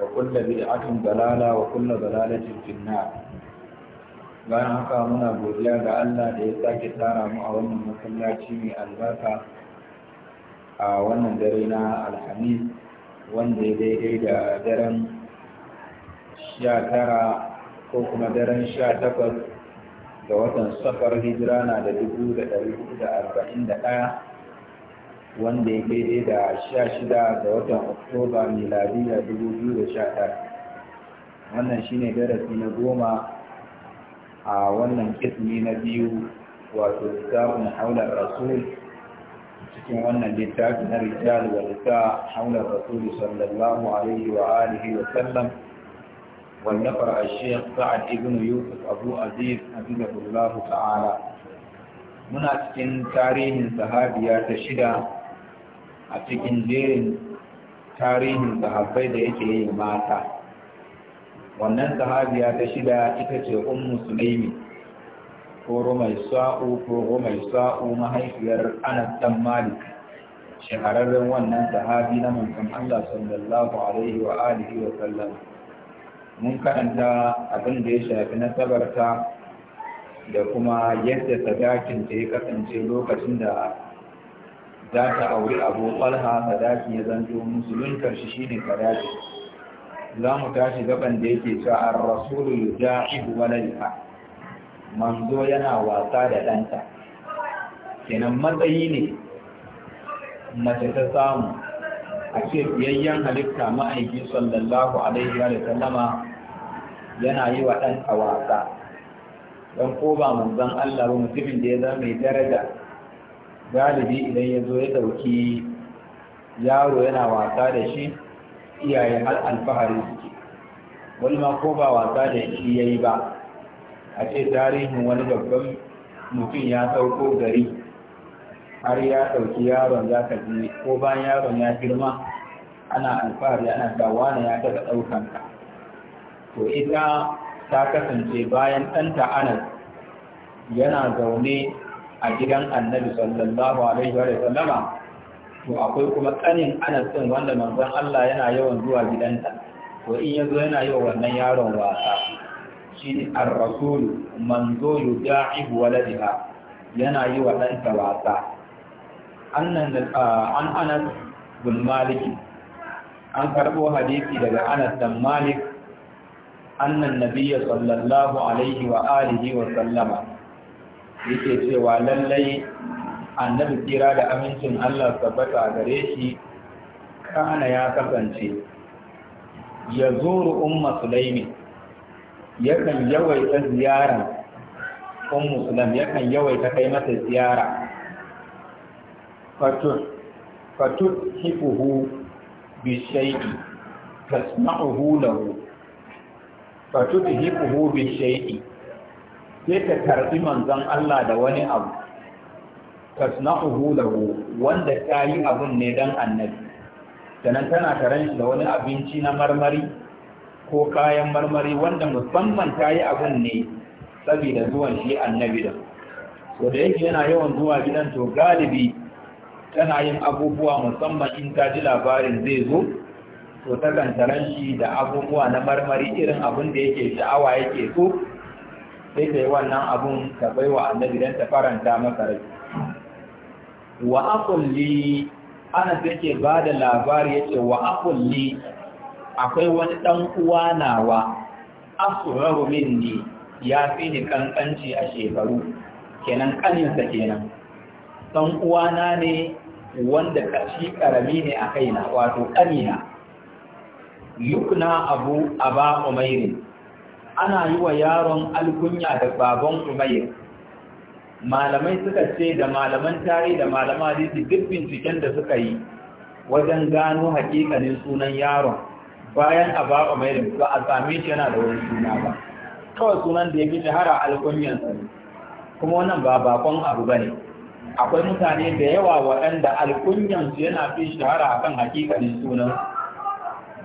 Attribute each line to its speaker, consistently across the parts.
Speaker 1: وكل بدعة ضلالة وكل ضلالة في النار bayan haka muna godiya ga Allah da ya sake tsara mu a wannan masallaci mai albarka a wannan dare na alhamis wanda ya daidai da daren sha tara ko kuma daren sha takwas ga watan safar hijira na da dubu da ɗari da arba'in da ɗaya wanda ya dai da sha shida ga watan oktoba miladiya dubu biyu da sha ɗaya wannan shine darasi na goma a wannan kismi na biyu wato lissafin haular rasul cikin wannan littafi na rijal wa lissa haular rasul sallallahu alaihi wa alihi wa sallam والنفر الشيخ سعد ابن يوسف أبو عزيز حفظه الله تعالى muna cikin tarihin sahabiya ta shida a cikin jerin tarihin sahabbai da yake yi mata wannan sahabiya ta shida ita ce un musulmi ko rumai sa'u ko rumai sa'u mahaifiyar anas malik shahararren wannan sahabi na manzon Allah sallallahu alaihi wa alihi wa sallam mun karanta abin da ya shafi nasabarta da kuma yadda sadakin ta ya kasance lokacin da za ta auri abu ta sadaki ya zanto musuluntar shi shine sadaki za mu tashi gaban da yake cewa ar-rasulu yuda'ibu waladiha manzo yana wasa da ɗanta kenan matsayi ne mace ta samu a ce biyayyen halitta ma'aiki sallallahu alaihi wa sallama yana yi wa ɗan a wasa don ko ba manzon Allah ba mutumin da ya zama mai daraja galibi idan ya zo ya ɗauki yaro yana wasa da shi iyaye har alfahari wani ma ko ba wasa da shi ya yi ba a ce tarihin wani babban mutum ya sauko gari har ya ɗauki yaron za ka ji ko bayan yaron ya girma ana alfahari ana dawa na ya taɓa ka to ita ta kasance bayan ɗanta anas yana zaune a gidan annabi sallallahu alaihi wa sallama to akwai kuma tsanin anas din wanda manzon Allah yana yawan zuwa gidanta to in yazo yana yi wa wannan yaron wasa shi ar-rasul manzo yuda'i waladiha yana yi wa ɗanta wasa annan an anas bin malik an karbo hadisi daga anas dan malik annan nabiyya sallallahu alaihi wa alihi wa sallama yake cewa lallai annabi kira da amincin Allah tabbata gare shi kana ya kasance ya zuru umma sulaimi yakan yawaita ziyara ummu sulaim yakan yawaita kai mata ziyara fatut fatut hifuhu bi shay'i tasma'uhu lahu fatut hifuhu bi shay'i sai ka karɓi manzon Allah da wani abu tasna'uhu lahu wanda ta yi abun ne don annabi sannan tana taron shi da wani abinci na marmari ko kayan marmari wanda musamman ta yi abun ne saboda zuwan shi annabi da so da yake yana yawan zuwa gidan to galibi tana yin abubuwa musamman in ta ji labarin zai zo to ta kantaran shi da abubuwa na marmari irin abin da yake sha'awa yake so sai ta yi wannan abun ta bai wa annabi don ta faranta masa rai wa akulli ana yake ba da labari ya ce wa akulli akwai wani ɗan uwa nawa asuraru minni ya fi ni kankanci a shekaru kenan kaninsa kenan ɗan uwana ne wanda kashi karami ne a kaina wato kanina yukna abu aba umairin ana yi wa yaron alkunya da baban umayyar malamai suka ce da malaman tare da malama hadisi duk binciken da suka yi wajen gano hakikanin sunan yaron bayan a ba umayyar ba a same shi yana da wani suna ba kawai sunan da ya fi shahara alkunyansa kuma wannan ba bakon abu ba ne akwai mutane da yawa waɗanda su yana fi shahara akan hakikanin sunan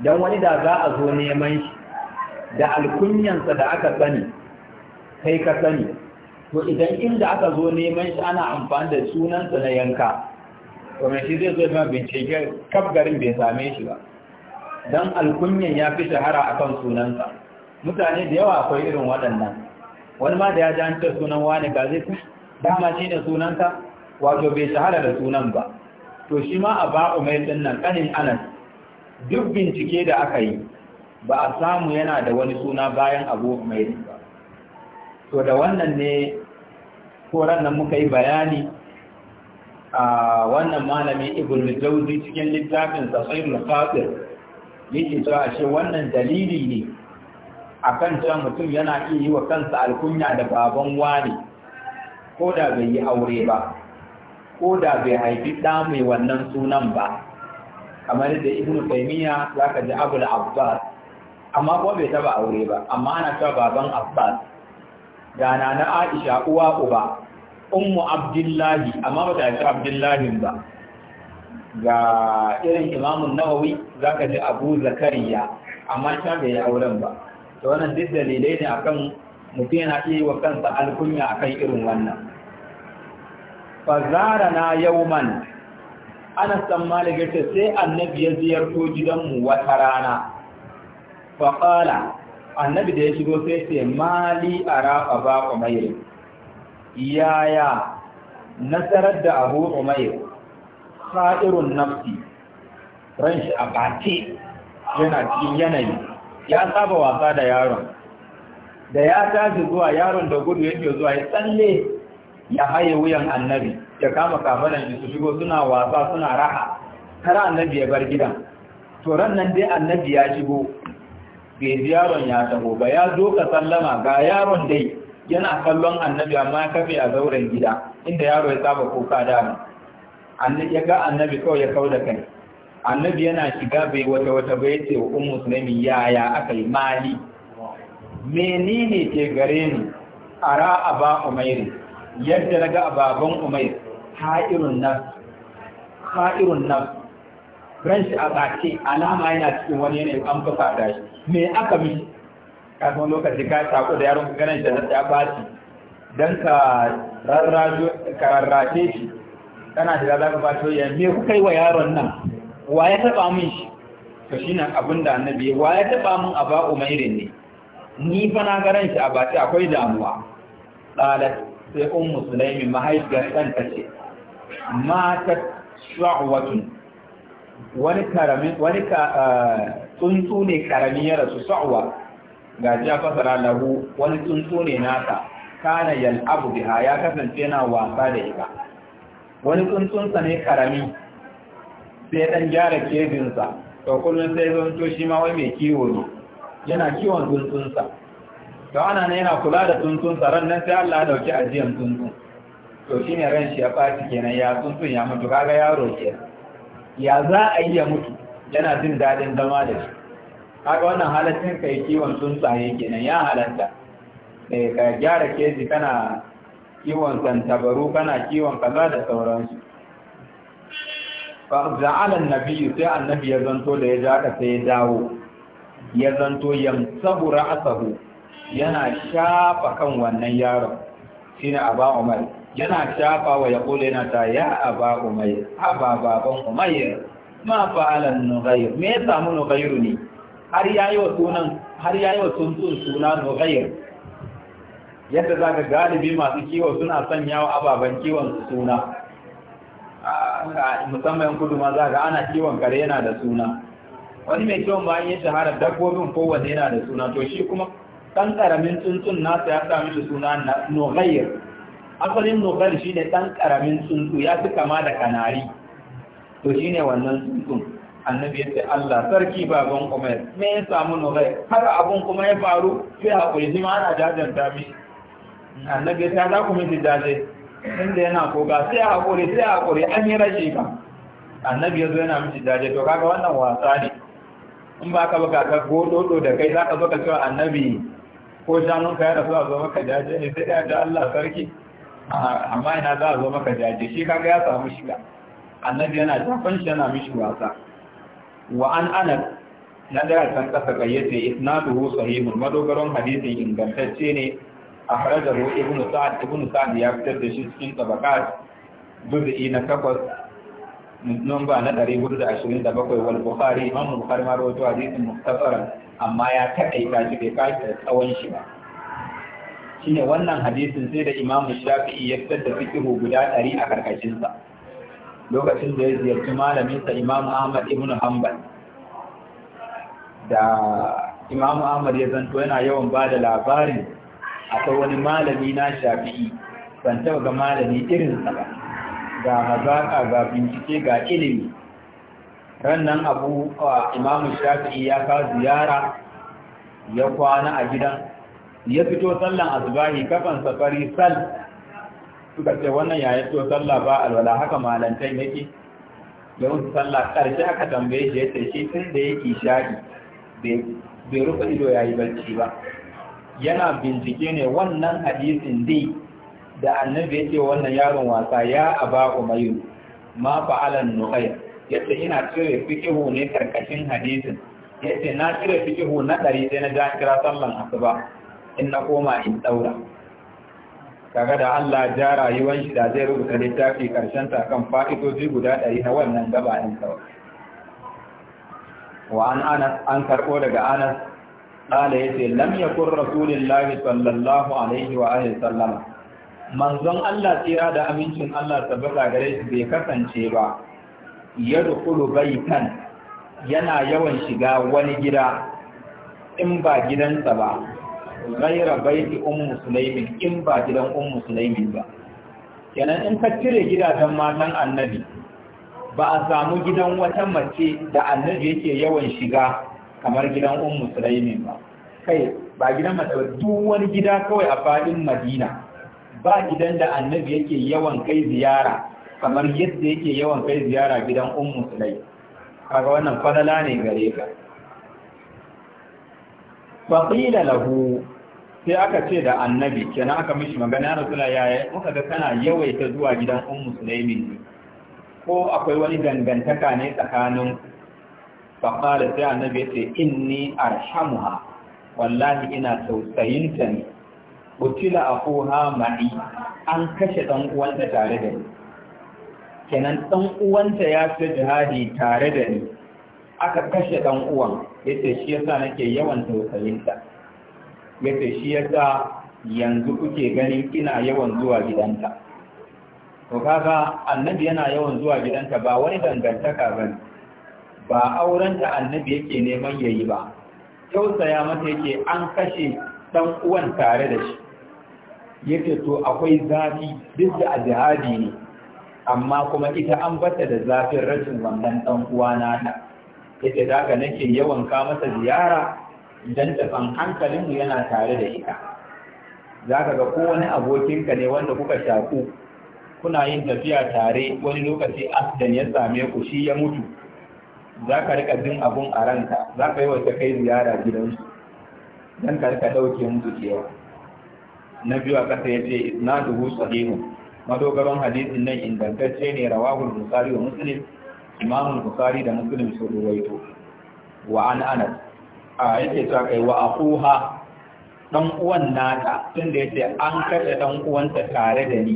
Speaker 1: don wani da za a zo neman shi da alkunyansa da aka sani kai ka sani to idan inda aka zo neman shi ana amfani da sunansa na yanka to mai shi zai zo ma bincike kaf garin bai same shi ba dan alkunyan ya fi shahara akan sunansa mutane da yawa akwai irin waɗannan wani ma da ya ji an ce sunan wani ga zai dama shi ne sunanka wato bai shahara da sunan ba to shi ma a ba'u mai ɗin nan ƙanin anas duk bincike da aka yi ba a samu yana da wani suna bayan abu mai ba to da wannan ne koran nan muka yi bayani a wannan malami ibn jauzi cikin littafin tsatsirul fatir yake cewa shi wannan dalili ne akan cewa mutum yana iya yi wa kansa alkunya da baban wani ko da bai yi aure ba ko da bai haifi ɗa mai wannan sunan ba kamar da ibn taymiya zaka ji abul abbas amma kuma bai taba aure ba amma ana cewa baban abbas da na aisha uwa uba ummu abdullahi amma ba ta ce abdullahi ba ga irin Imam nawawi za ka ji abu zakariya amma ta bai auren ba to wannan duk dalilai ne akan mutum yana iya wa kansa alkunya akan irin wannan fazara na yawman ana san malaka sai annabi ya ziyarto gidanmu wata rana faƙala annabi da ya shigo sai ce mali a rafa ba umairu yaya nasarar da abu umairu sa'irun nafsi ran shi a yana cikin yanayi ya saba wasa da yaron da ya tashi zuwa yaron da gudu yake zuwa ya tsalle ya haye wuyan annabi ya kama kafanan su shigo suna wasa suna raha kara annabi ya bar gidan to ran nan dai annabi ya shigo bai yaron ya taho ba ya zo ka sallama ga yaron dai yana kallon annabi amma ya kafe a zauren gida inda yaro ya saba kuka dama annabi ya ga annabi kawai ya kau da kai annabi yana shiga bai wata wata bai ce wa ummu sulaimin yaya aka yi mali menene ke gare ni ara aba umair yadda naga ababan umair ha'irun nafs ha'irun nafs Ranshi a bace alama yana cikin wani yanayi an fi fada shi me aka mi kafin lokaci ka sako da yaron ganin da ta baci dan ka ka rarrace shi kana shiga za ka ba, ya me kuka yi wa yaron nan wa ya taɓa min shi to shi nan abin da annabi wa ya taɓa min a ba'u irin ne ni fa na ga shi a bace akwai damuwa qalat sai ummu sulaimin mahaifiyar ɗan ta ce ma matat shu'watun wani karami wani ah, tsuntsu ne karami ya rasu sa'wa ga ji fasara lahu wani tsuntsu ne nasa kana abu biha ya kasance yana wasa da ita wani tsuntsunsa ne karami sai dan gyara kebinsa to kullum sai zan to shi ma wai mai kiwo ne yana kiwon tsuntsunsa to ana ne yana kula da tsuntsunsa ran sai Allah ya dauki ajiyar tsuntsun to shine ran shi ya faci kenan ya tsuntsun ya mutu kaga yaro kenan ya za a yi ya mutu yana jin daɗin zama da shi haka wannan halattun kai kiwon tsuntsaye kenan ya halatta eh ka gyara keji kana kiwon santabaru kana kiwon kaza da sauransu fa za'ala sai annabi ya zanto da ya ja ka sai ya dawo ya zanto yamsahu ra'sahu yana shafa kan wannan yaron shine aba umar yana shafa wa ya ƙule na ta ya aba umayr aba baban umayr ma fa'ala nughayr me ya samu nughayr ne har yayi wa sunan har yayi wa tuntun suna nughayr yadda za ka galibi masu kiwo suna sanya wa ababen kiwon suna musamman kudu ma za ka ana kiwon kare yana da suna wani mai kiwon bayan ya shahara dabbobin kowanne yana da suna to shi kuma ɗan ƙaramin tsuntsun nasa ya sami shi suna nogayir asalin nobel shi ne ɗan ƙaramin tsuntsu ya fi kama da kanari to shi ne wannan tsuntsun annabi ya ce Allah sarki baban umar me ya samu nobel Haka abun kuma ya faru sai haƙuri kuri ma ana jajanta mishi annabi ya ce za ku miji jaje inda yana koga sai haƙuri sai haƙuri an yi rashi ka annabi ya zo yana miji jaje to kaga wannan wasa ne in ba ka baka ka gododo da kai za ka zo ka cewa annabi ko shanunka ya rasu a zo maka jaje ne sai ya da Allah sarki amma ina za a zo maka jaje shi kaga ya samu shiga annabi yana tafan shi yana mishi wasa wa an ana na da san kasa kayyace isnaduhu sahihun madogaron hadisin ingantacce ne a harajaru ibn sa'ad ibn sa'ad ya fitar da shi cikin tabakat juz'i na takwas numba na bakwai wal bukhari imam bukhari ma rawaito hadisin muktasaran amma ya takaita shi bai kashi tsawon shi ba shine wannan hadisin sai da Imam shafi'i ya fitar da fikihu guda ɗari a karkashinsa lokacin da ya ziyarci malaminsa Imam ahmad ibn hanbal da Imam ahmad ya zanto yana yawan ba da labarin akwai wani malami na shafi'i ban taɓa ga malami irinsa ba ga hazaƙa ga bincike ga ilimi rannan abu Imam shafi'i ya ka ziyara ya kwana a gidan ya fito sallan asubahi kafan safari sal suka ce wannan ya fito sallah ba alwala haka malantai yake ya wuce sallah karshe aka tambaye shi ya ce shi tun da yake shaɗi bai rufe ido ya yi barci ba yana bincike ne wannan hadisin dai da annabi ya ce wannan yaron wasa ya a ba umayu ma fa'alan Ya ce ina cire fikihu ne karkashin hadisin Ya ce na cire fikihu na ɗari sai na ja kira sallan asuba in na koma in daura kaga da Allah ja rayuwar shi da zai rubuta littafi karshen ta kan fa'idoji guda ɗari na wannan gaba in kawai wa an anas an karɓo daga anas ɗala ya ce lam yakun rasulillahi sallallahu alaihi wa alihi sallama manzon Allah tsira da amincin Allah tabbata gare shi bai kasance ba ya dukulu kan yana yawan shiga wani gida in ba gidansa ba ghaira baiti ummu sulaimin in ba gidan ummu sulaimin ba kenan in ka cire gidajen matan annabi ba a samu gidan wata mace da annabi yake yawan shiga kamar gidan ummu sulaimin ba kai ba gidan mace ba duk wani gida kawai a fadin madina ba gidan da annabi yake yawan kai ziyara kamar yadda yake yawan kai ziyara gidan ummu sulaimin kaga wannan falala ne gare ka faƙila lahu sai aka ce da annabi kenan aka mishi magana ya rasula yaya muka ga kana yawaita zuwa gidan Un musulmi ne. ko akwai wani dangantaka ne tsakanin faƙala sai annabi ya ce in inni arhamuha wallahi ina tausayin ta ne utila ha ma'i an kashe ɗan uwanta tare da ni kenan ɗan uwanta ya fi jihadi tare da ni aka kashe ɗan uwan ya ce shi yasa nake yawan tausayin ta ya ce shi yasa yanzu kuke ganin ina yawan zuwa gidanta to kaga annabi yana yawan zuwa gidanta ba wani dangantaka ba. ba auren da annabi yake neman yayi ba tausaya mata yake an kashe dan uwan tare da shi yace to akwai zafi duk da jihadi ne amma kuma ita an bata da zafin rashin wannan dan uwa ta yace daga nake yawan ka masa ziyara dan tafan hankalinmu yana tare da ita za ka ga kowane abokinka ne wanda kuka shaku kuna yin tafiya tare wani lokaci asidan ya same ku shi ya mutu za ka rika jin abun a ranka za ka yi wata kai ziyara gidansu don ka rika ɗauke musu cewa na biyu a ƙasa ya ce dubu sahihu madogaron hadisin nan ingantacce ne rawahul bukhari wa muslim imamul bukhari da muslim su ruwaito wa an anas a yake ta kai wa akuha dan uwan nata da yake an kace dan uwanta tare da ni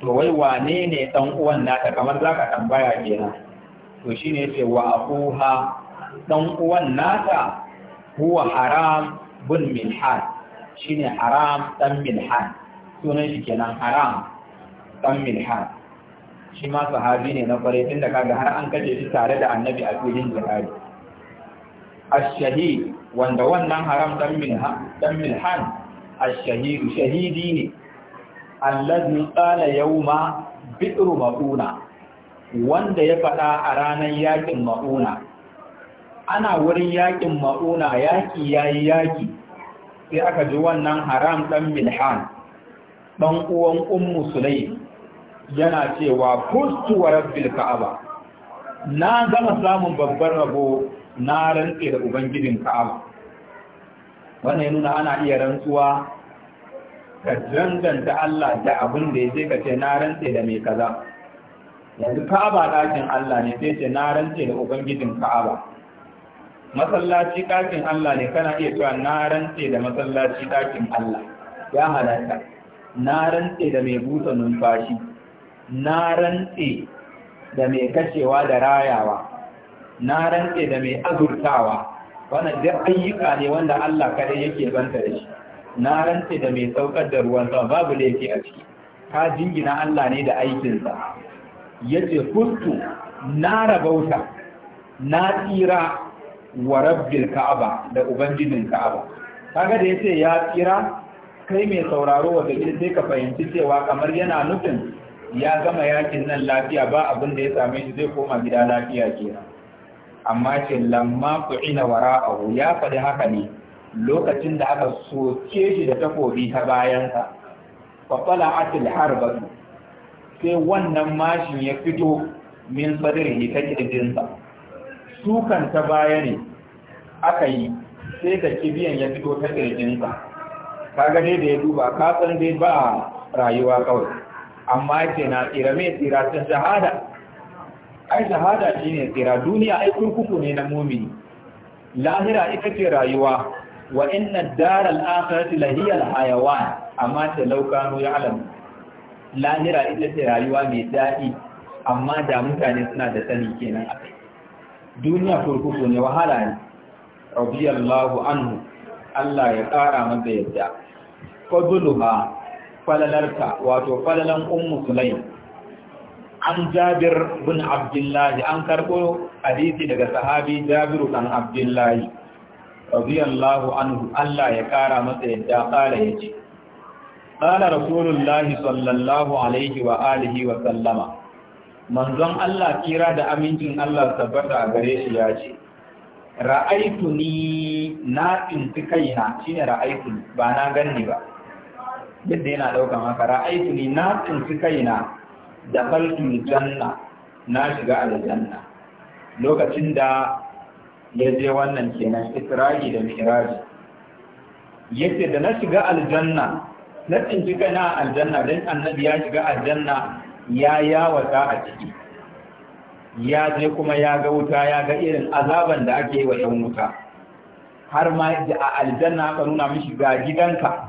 Speaker 1: to wai wane ne dan uwan nata kamar zaka tambaya kenan to shine yace wa akuha dan uwan nata huwa haram bun milhan shine haram dan milhan sunan shi kenan haram dan milhan shi ma sahabi ne na farai tunda kaga har an kace shi tare da annabi a filin jihadi ashahi shahid wanda wannan haram dan minha dan shahidi ne allazi qala yawma bi'ru mauna wanda ya faɗa a ranar yakin mauna ana wurin yakin mauna yaki yayi yaki sai aka ji wannan haram ɗan milhan dan uwan ummu sulaim yana cewa kustu wa rabbil ka'aba na gama samun babbar rabo na rantse da ubangijin ka'aba wannan ya nuna ana iya rantsuwa ka danganta Allah da abin da ya ka ce na rantse da mai kaza yanzu ka'aba ɗakin Allah ne sai ce na rantse da ubangijin ka'aba masallaci ɗakin Allah ne kana iya cewa na rantse da masallaci ɗakin Allah ya halatta na rantse da mai busa numfashi na rantse da mai kashewa da rayawa na rantse da mai azurtawa wannan duk ayyuka ne wanda Allah kare yake banta da shi na rantse da mai saukar da ruwan sama babu laifi a ciki ka jingina Allah ne da aikinsa yace kuntu na rabauta na tsira wa rabbil ka'aba da ubangijin ka'aba kaga da yace ya tsira kai mai sauraro wanda sai ka fahimci cewa kamar yana nufin ya gama yakin nan lafiya ba abin da ya same shi zai koma gida lafiya kenan amma ce lamma wara abu. ya faɗi haka ne lokacin da aka soke shi da takobi ta bayansa fa har harbatu sai wannan mashin ya fito min sadrihi ta kirjinsa sukan ta baya ne aka yi sai da kibiyan ya fito ta kirjinsa kaga dai da ya duba ka san dai ba rayuwa kawai amma ce na tsira mai tsira ta shahada ai shahada shine tsira duniya ai kurkuku ne na mumini lahira ita ce rayuwa wa inna daral akhirati lahiyal hayawan amma talau kanu ya'lamu lahira ita ce rayuwa mai daɗi amma da mutane suna da sani kenan a duniya kurkuku ne wahala ne radiyallahu anhu Allah ya ƙara masa yadda fadluha falalarta wato falalan ummu sulaim an jabir bin abdullahi an karɓo hadisi daga sahabi jabiru kan abdullahi radiyallahu anhu Allah ya kara masa yadda kala ya ce kala rasulullahi sallallahu alaihi wa alihi wa sallama manzon Allah kira da amincin Allah tabbata a gare shi ya ce ra'aitu ni na tsinci kaina shine ra'aitu ba na ganni ba yadda yana daukan haka ra'aitu ni na tsinci kaina da kaltun janna na shiga aljanna lokacin da ya je wannan kenan israji da miraji yace da na shiga aljanna na tsinci kana aljanna dan annabi ya shiga aljanna ya yawata a ciki ya je kuma ya ga wuta ya ga irin azaban da ake wa yan wuta har ma a aljanna aka nuna mishi ga gidanka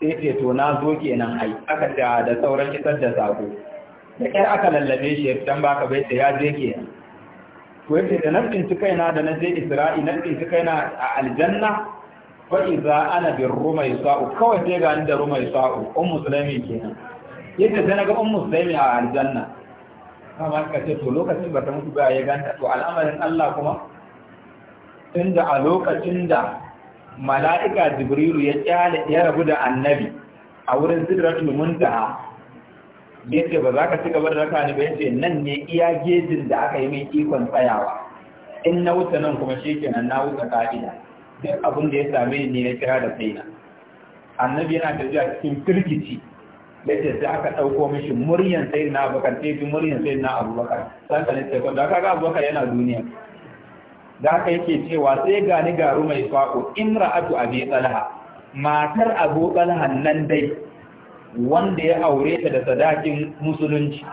Speaker 1: sai ce to na zo kenan ai aka da sauran kitar da sako da ƙyar aka lallabe shi ya fitan baka bai ta ya je ke ko yace da nan tsinci kaina da na je isra'i nan tsinci kaina a aljanna fa idza ana bir Rumai Sa'u kawai sai ga ni da ruma Sa'u um musulmi kenan yadda sai naga ga um musulmi a aljanna kama ka ce to lokacin ba ta mutu ba ya ganta to al'amarin Allah kuma tunda a lokacin da mala'ika jibrilu ya kyale ya rabu da annabi a wurin sidratul muntaha yace ba za ka ci gaba da raka ni ba yace nan ne iya gejin da aka yi min ikon tsayawa in na wuce nan kuma nan na wuce ka'ida duk abin da ya same ni na kira da kaina annabi yana da zuwa cikin firgici ce sai aka ɗauko mishi muryan sai na abubakar sai fi muryan sai na abubakar san ka ne sai da kaga abubakar yana duniya da aka yake cewa sai gani garu mai fako imra'atu abi Tsalaha, matar abu tsalahan nan dai wanda ya aure ta da sadakin musulunci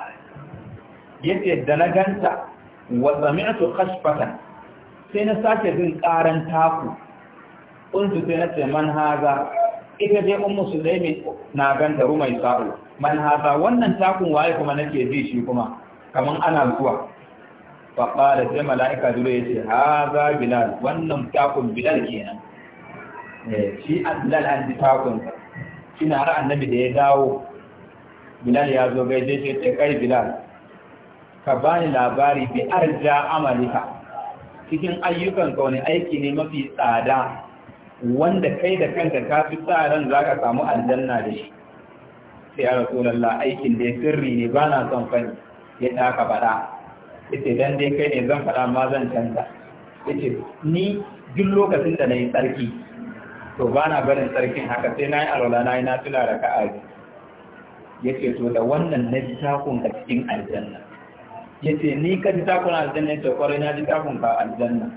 Speaker 1: yace da na ganta wa sami'tu khashfatan sai na sake jin karan taku kuntu sai na ce man haza ita dai ummu sulaimi na ganta rumai sa'u man haza wannan takun waye kuma nake ji shi kuma kaman ana zuwa fa qala sai malaika dole yace haza bilal wannan takun bilal kenan eh shi bilal an ji takun Ina har annabi da ya dawo bilal ya zo gaishe shi ce kai bilal ka bani labari bi arja amalika cikin ayyukan ka wani aiki ne mafi tsada wanda kai da kanka ka fi sa ran za ka samu aljanna da shi sai ya rasulallah aikin da sirri ne ba na son fani ya taka faɗa ita dan dai kai ne zan faɗa ma zan canza ita ni duk lokacin da na yi tsarki to ba na barin sarkin haka sai na yi alwala na yi na tula da ka'ari ya ce to da wannan na ji takun a cikin aljanna ya ce ni ka ji takun aljanna ya ce kwarai na ji takun ka aljanna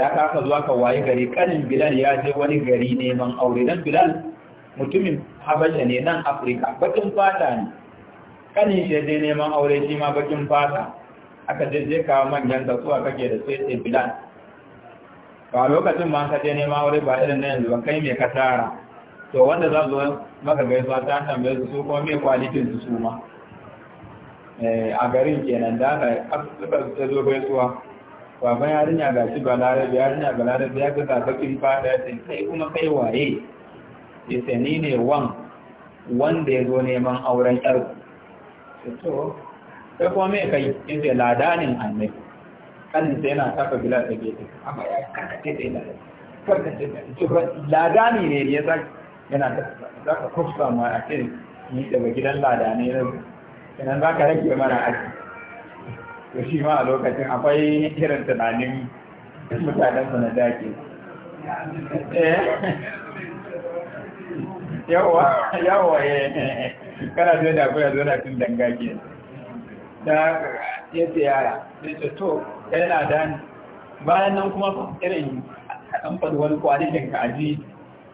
Speaker 1: ya kasa zuwa ka waye gari kanin bilal ya je wani gari neman aure dan bilal mutumin habasha ne nan afirka bakin fata ne kanin shi je neman aure shi ma bakin fata aka je je kawo manyan kasuwa kake da sai bilal ba lokacin ma ka je nema wuri ba irin na yanzu ba kai mai ka tara to wanda za zo maka gaisuwa ta tambaye su su kuma mai kwalitin su su ma eh, a garin kenan da aka ta zo gaisuwa baban yarinya ga shi ba larabi yarinya ga larabi ya ga zafakin fada sai kai kuma kai waye ya sani ne wan wanda ya zo neman auren yarku to sai kuma mai kai in sai ladanin annabi kanin sai yana kafa bila ta gefe amma ya karkace da yana karkace da ladani ne ya za yana za ka kusa ma a ce ni daga gidan ladani ne sannan za ka rage mana aji to shi ma a lokacin akwai irin tunanin
Speaker 2: mutanen mu na dake eh? yawa yawa eh kana zo da akwai zo da tun
Speaker 1: dangage da ya yara sai to da ni, bayan nan kuma irin an faɗi wani kwanikin ka aji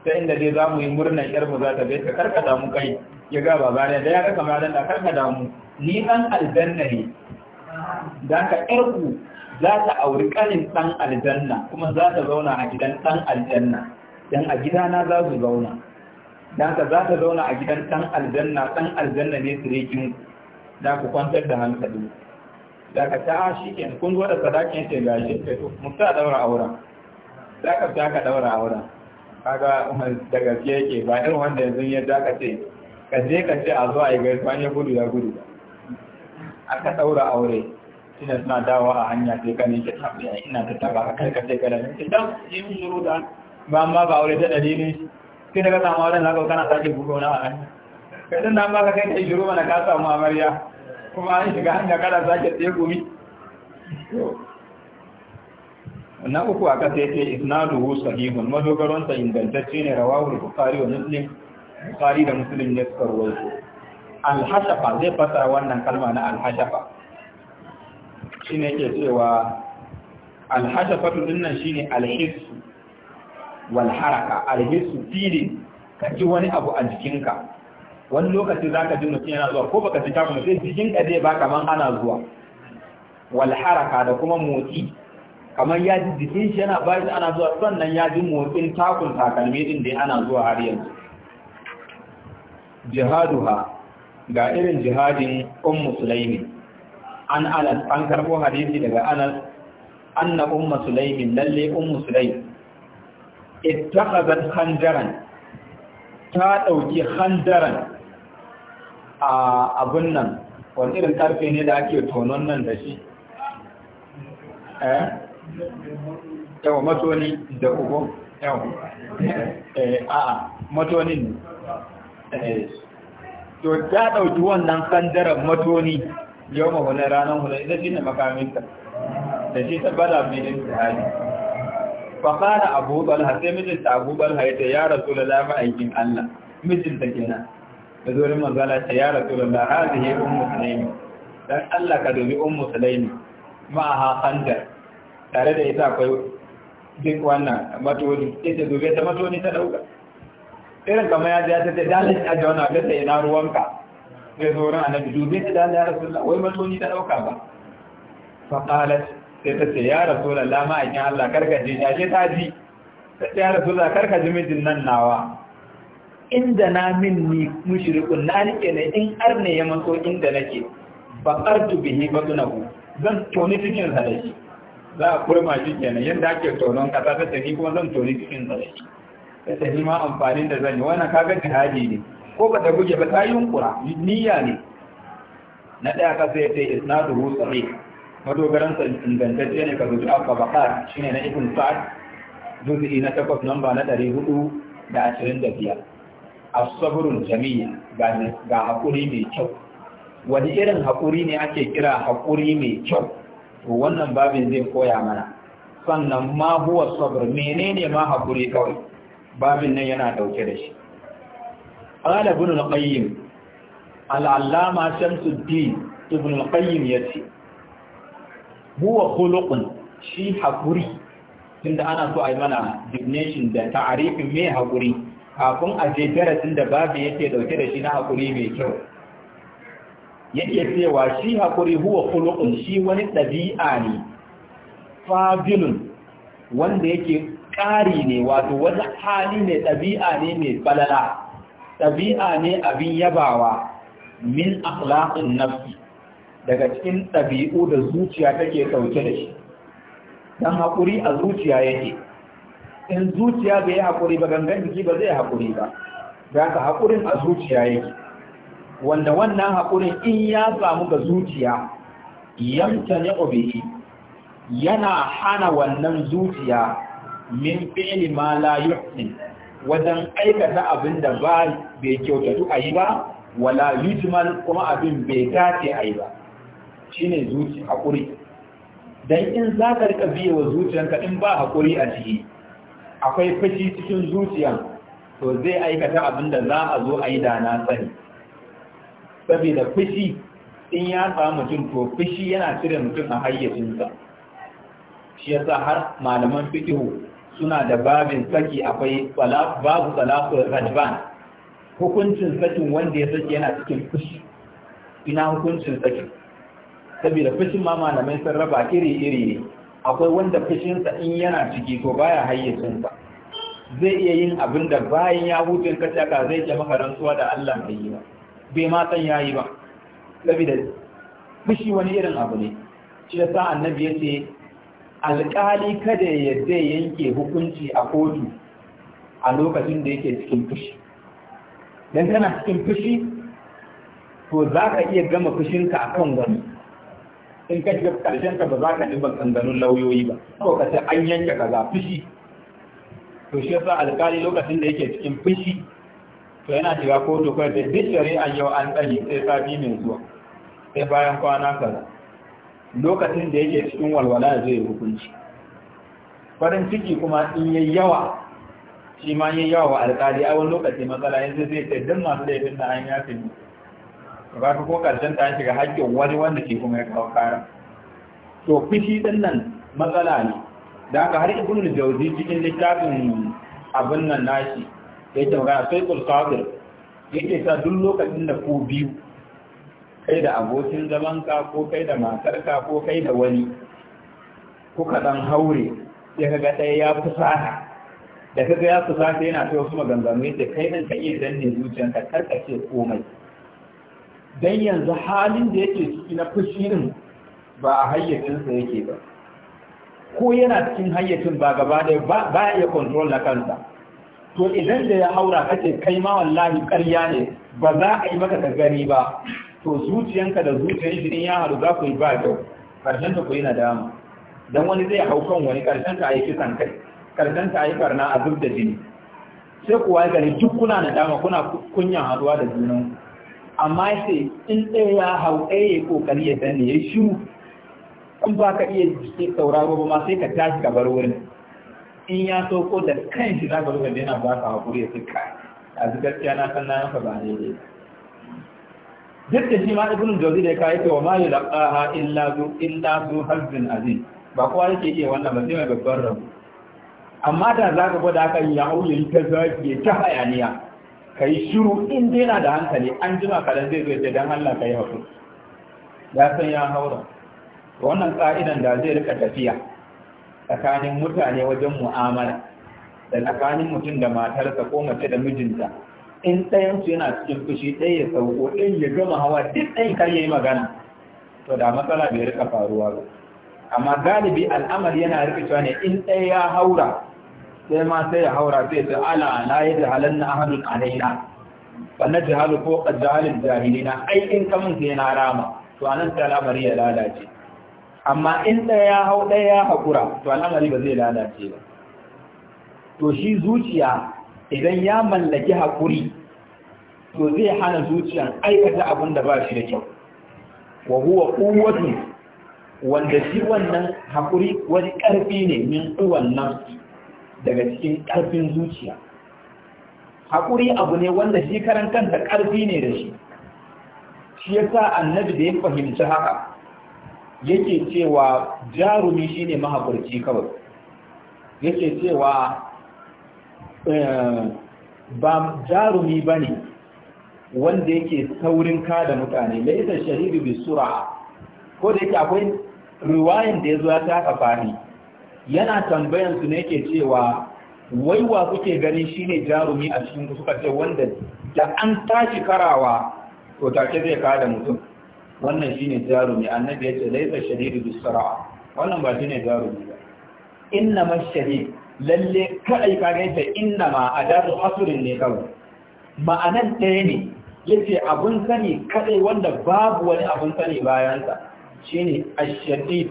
Speaker 1: ta inda dai za mu yi murnar yar mu za ta bai ka karkada mu kai ya ga baba ne da ya ga ma dan da karkada mu ni dan aljanna ne dan ka yar ku za ta auri kanin dan aljanna kuma za ta zauna a gidan dan aljanna dan a gida na za su zauna dan ka za ta zauna a gidan dan aljanna dan aljanna ne su rekin da ku kwantar da hankali da ka ta ah, shi ke kun zo sadakin ce ga shi ke musta daura auren za ka ta ka daura auren kaga da gaske yake ba irin wanda yanzu ya za ce ka je ka ce a zo a yi ba ya gudu ya gudu aka daura aure shine suna dawo a hanya sai ka ne ke tafiya ina ta taba ka kai ka ce ka da ne dan yi mun shuru ba ma ba aure ta dalilin sai daga samu auren za ka kana a hanya kai dan nan ba ka kai ka yi shuru mana ka samu amarya kuma an shiga hanya kada sake tsaye gumi na uku a kasa yake isnaduhu sahihun madogaronsa ingantacce ne rawar bukari wa muslim bukari da muslim ne suka su alhashafa zai fasa wannan kalma na alhashafa ne ke cewa alhashafatu dinnan shine alhissu walharaka alhissu fili ka ji wani abu a jikinka wani lokaci za ka ji mutum yana zuwa ko baka shiga kuma sai jikin ka zai ba kaman ana zuwa wal haraka da kuma motsi kamar ya ji jikin shi yana bayan ana zuwa sannan ya ji motsin takun takalmi din da ana zuwa har yanzu jihaduha ga irin jihadin ummu sulaimi an anas an karbo hadisi daga anas anna ummu sulaimi lalle ummu sulaimi ittakhazat khanjaran ta dauki khandaran a abun nan wani irin karfe ne da ake tonon nan da shi
Speaker 2: eh matoni da ugo yawa eh, a'a
Speaker 1: matonin ne eh, to ta ɗauki wannan kandarar matoni yau ma wani ranar wani ita shi ne makaminta da shi ta bada filin da hali fakara abu balha sai mijinta abu balha ya ya rasu da lafi aikin allah mijinta kenan da zuwa manzala ta ya rasulullah hadhihi ummu sulaimi dan Allah ka dubi ummu sulaimi ma'aha khandar tare da ita akwai duk wannan matoni ita dubi ta matoni ta dauka irin kamar ya ja ta ta dalil a jona da ta ina ruwanka zai zo ran dubi ta dalil ya rasulullah wai matoni ta dauka ba fa qalat sai ta ce ya rasulullah ma akin Allah karkaje ya ce ta ji ta ce ya rasulullah ji mijin nan nawa inda na min ni mushrikun na nike ne in arne ya maso inda nake ba artu bihi ba ku zan toni cikin sa da shi za a kurma shi kenan yadda ake tonon kasa ta tafi kuma zan toni cikin sa da shi ta tafi ma amfanin da zan yi wannan kaga jihadi ne ko ba ta guje ba ta yi yunkura niyya ne na ɗaya ka sai ta yi isnaduhu sahih madogaran sa ingantacce ne ka zuci abba bakar shine na ibn sa'ad juz'i na takwas namba na ɗari hudu da ashirin da biyar asabrul jami'a ga ga hakuri mai kyau wani irin hakuri ne ake kira hakuri mai kyau to wannan babin zai koya mana sannan ma huwa sabr menene ma hakuri kawai babin nan yana dauke da shi qala ibn al-qayyim al-allama shamsuddin ibn al-qayyim yace huwa khuluqun shi hakuri tunda ana so a yi mana definition da ta'arifin mai hakuri kafin a je darasin da babu yake dauke da shi na hakuri mai kyau yake cewa shi hakuri huwa khuluqun shi wani ɗabi'a ne fadilun wanda yake ƙari ne wato wani hali ne ɗabi'a ne mai balala, ɗabi'a ne abin yabawa min akhlaqin nafsi daga cikin ɗabi'u da zuciya take dauke da shi dan haƙuri a zuciya yake in zuciya bai yi haƙuri ba gangan jiki ba zai haƙuri ba da ka haƙurin a zuciya yake wanda wannan haƙurin in ya samu ga zuciya yamta ne obihi yana hana wannan zuciya min fi'li ma la yuhsin wajen aikata abin da ba bai kyautatu a yi ba wala yujmal kuma abin bai dace a yi ba shine zuci haƙuri dan in za ka riƙa biye wa zuciyanka in ba haƙuri a ciki akwai fashi cikin zuciya to zai aikata abin da za a zo a yi dana sani saboda fashi in ya samu mutum to fashi yana cire mutum a hayyacinsa shi yasa har malaman fikihu suna da babin saki akwai babu salatu rajban hukuncin sakin wanda ya saki yana cikin fushi ina hukuncin sakin saboda fashin ma malamai sun raba iri-iri ne akwai wanda fushinsa in yana ciki to baya sa zai iya yin abin da bayan ya huce ka tsaka zai ce maka rantsuwa da Allah bai yi ba bai ma san yayi ba saboda fushi wani irin abu ne shi yasa annabi yace alƙali kada ya yadda yanke hukunci a kotu a lokacin da yake cikin fushi dan kana cikin fushi to zaka iya gama fushinka akan wani in ka shiga karshen ka ba za ka ji maganganun lauyoyi ba ko ka ta an yanke kaza fushi to shi yasa alkali lokacin da yake cikin fushi to yana shiga kotu kawai da duk shari'ar yau an tsari sai safi mai zuwa sai bayan kwana kaza lokacin da yake cikin walwala zai hukunci farin ciki kuma in yayi yawa shi ma yayi yawa wa alkali a wani lokaci matsala yanzu zai ce duk masu laifin da an yafe musu ba ka ko karshen ta shiga haƙƙin wani wanda ke kuma ya kawo kara to fishi din nan matsala ne da aka har ibnu jawzi cikin littafin abin nan nashi yake magana sai kul sabir yake ta duk lokacin da ku biyu kai da abokin zaman ka, ko kai da ka, ko kai da wani kuka dan haure ya kaga ɗaya ya fusata da kaga ya fusata yana ta wasu maganganu yadda kai ɗan ka iya danne zuciyarka karkace komai don yanzu halin da yake ciki na fushin ba a hayyacinsa yake ba ko yana cikin hayyacin ba gaba da ba ya control na kansa to idan da ya haura kace kai ma wallahi ƙarya ne ba za a yi maka ka gani ba to zuciyanka da zuciyar shi in ya haru za ku yi ba kyau karshen ta ku yi nadama dan wani zai hau kan wani karshen ta ayi kisan kai karshen ta ayi barna a zub da jini sai kuwa gari duk kuna nadama kuna kunyan haduwa da junan amma sai in ɗaya ya hau ɗaya ya kokari ya sani ya shiru in ba ka iya sauraro ba ma sai ka tashi ka bar wurin in ya sauko da kan shi za ka zo ka daina ba ka haƙuri ya suka a gaskiya na san na yanka ba ne duk da shi ma ibn jozi da ya kai ta wa ma yulqaha illa zu illa zu hazzin azim ba kowa yake iya wannan ba sai mai babban rabu amma da za ka gwada kan ya hau yayi ta zaki ta hayaniya kai shiru in dai na da hankali an jima kadan zai zai dan Allah kai hakuri ya san ya haura wannan ka'idan da zai rika tafiya tsakanin mutane wajen mu'amala da tsakanin mutum da matarsa ko mace da mijinta in ɗayansu yana cikin fushi ɗaya ya sauko ɗin ya gama hawa duk ɗayan kar ya yi magana to da matsala bai rika faruwa ba amma galibi al'amari yana rikicewa ne in ɗaya ya haura sai ma sai ya haura sai ta ala yi ya na ahadun alaina wannan jahalu ko jahalin jahilina ai in ka mun sai na rama to a nan sai al'amari ya lalace amma in ɗaya ya hau ɗaya ya haƙura to al'amari ba zai lalace ba to shi zuciya idan ya mallaki haƙuri to zai hana zuciyan aikata abin da ba shi da kyau wa huwa quwwatun wanda shi wannan haƙuri wani ƙarfi ne min quwwan nan. daga cikin ƙarfin zuciya haƙuri abu ne wanda shi karan kanta ƙarfi ne da shi shi ya sa annabi da ya fahimci haka yake cewa jarumi shi ne mahaƙurci kawai yake cewa eh, ba jarumi ba ne wanda yake saurin kada mutane laisa sharidu bi ko da yake akwai riwayan da ya zo ta ƙafari fari. yana tambayan su ne ke cewa waiwa kuke gani shine jarumi a cikin suka ce wanda da an tashi karawa to take zai kada mutum wannan shine jarumi annabi ya ce laisa shadidu bisara wannan ba shine jarumi ba inna Shadid lalle kai ka ga ta inna ma adatu asrin ne kawai ma'anan ɗaya ne yace abun sani kadai wanda babu wani abun sani bayan sa shine ashadid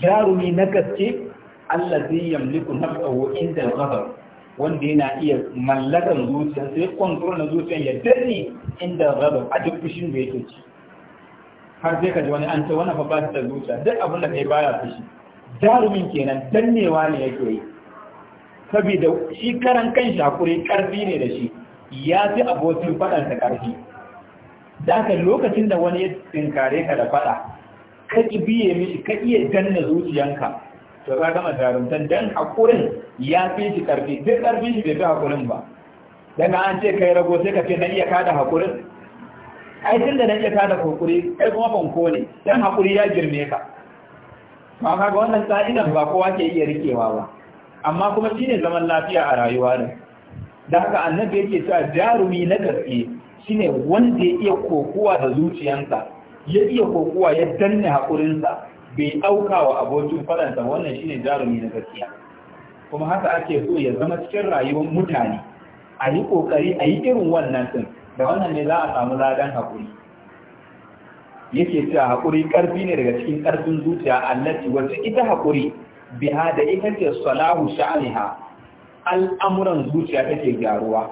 Speaker 1: jarumi na gaske Allah zai yamliku nafsahu inda al-ghadab wanda yana iya mallakar zuciya sai kontrol na zuciya ya dani inda al-ghadab a duk fushin da yake ci har sai ka ji wani an ce wani fa ba da zuciya duk abin da kai baya fushi jarumin kenan dannewa ne yake yi saboda shi karan kan shakure karfi ne da shi ya fi abokin faɗansa karfi da haka lokacin da wani ya tsinkare ka da faɗa ka ki biye mishi ka iya danna zuciyanka to ka gama jarumtan dan hakurin ya fi shi karfi duk karfi shi bai fi hakurin ba ga an ce kai rago sai ka ce na iya kada hakurin ai tun da na iya kada hakuri kai kuma ko ne dan hakuri ya girme ka ba ka ga wannan sa'idan ba kowa ke iya rikewa ba amma kuma shine zaman lafiya a rayuwa ne. da haka annabi yake cewa jarumi na gaske shine wanda ya iya kokuwa da zuciyarsa ya iya kokuwa ya danne hakurinsa bai auka wa abokin faransa wannan shine jarumi na gaskiya kuma haka ake so ya zama cikin rayuwar mutane a yi ƙoƙari a yi irin wannan sun da wannan ne za a samu ladan haƙuri yake cewa haƙuri ƙarfi ne daga cikin ƙarfin zuciya allati wacce ita haƙuri biha da ita ce salahu sha'aniha al'amuran zuciya take gyaruwa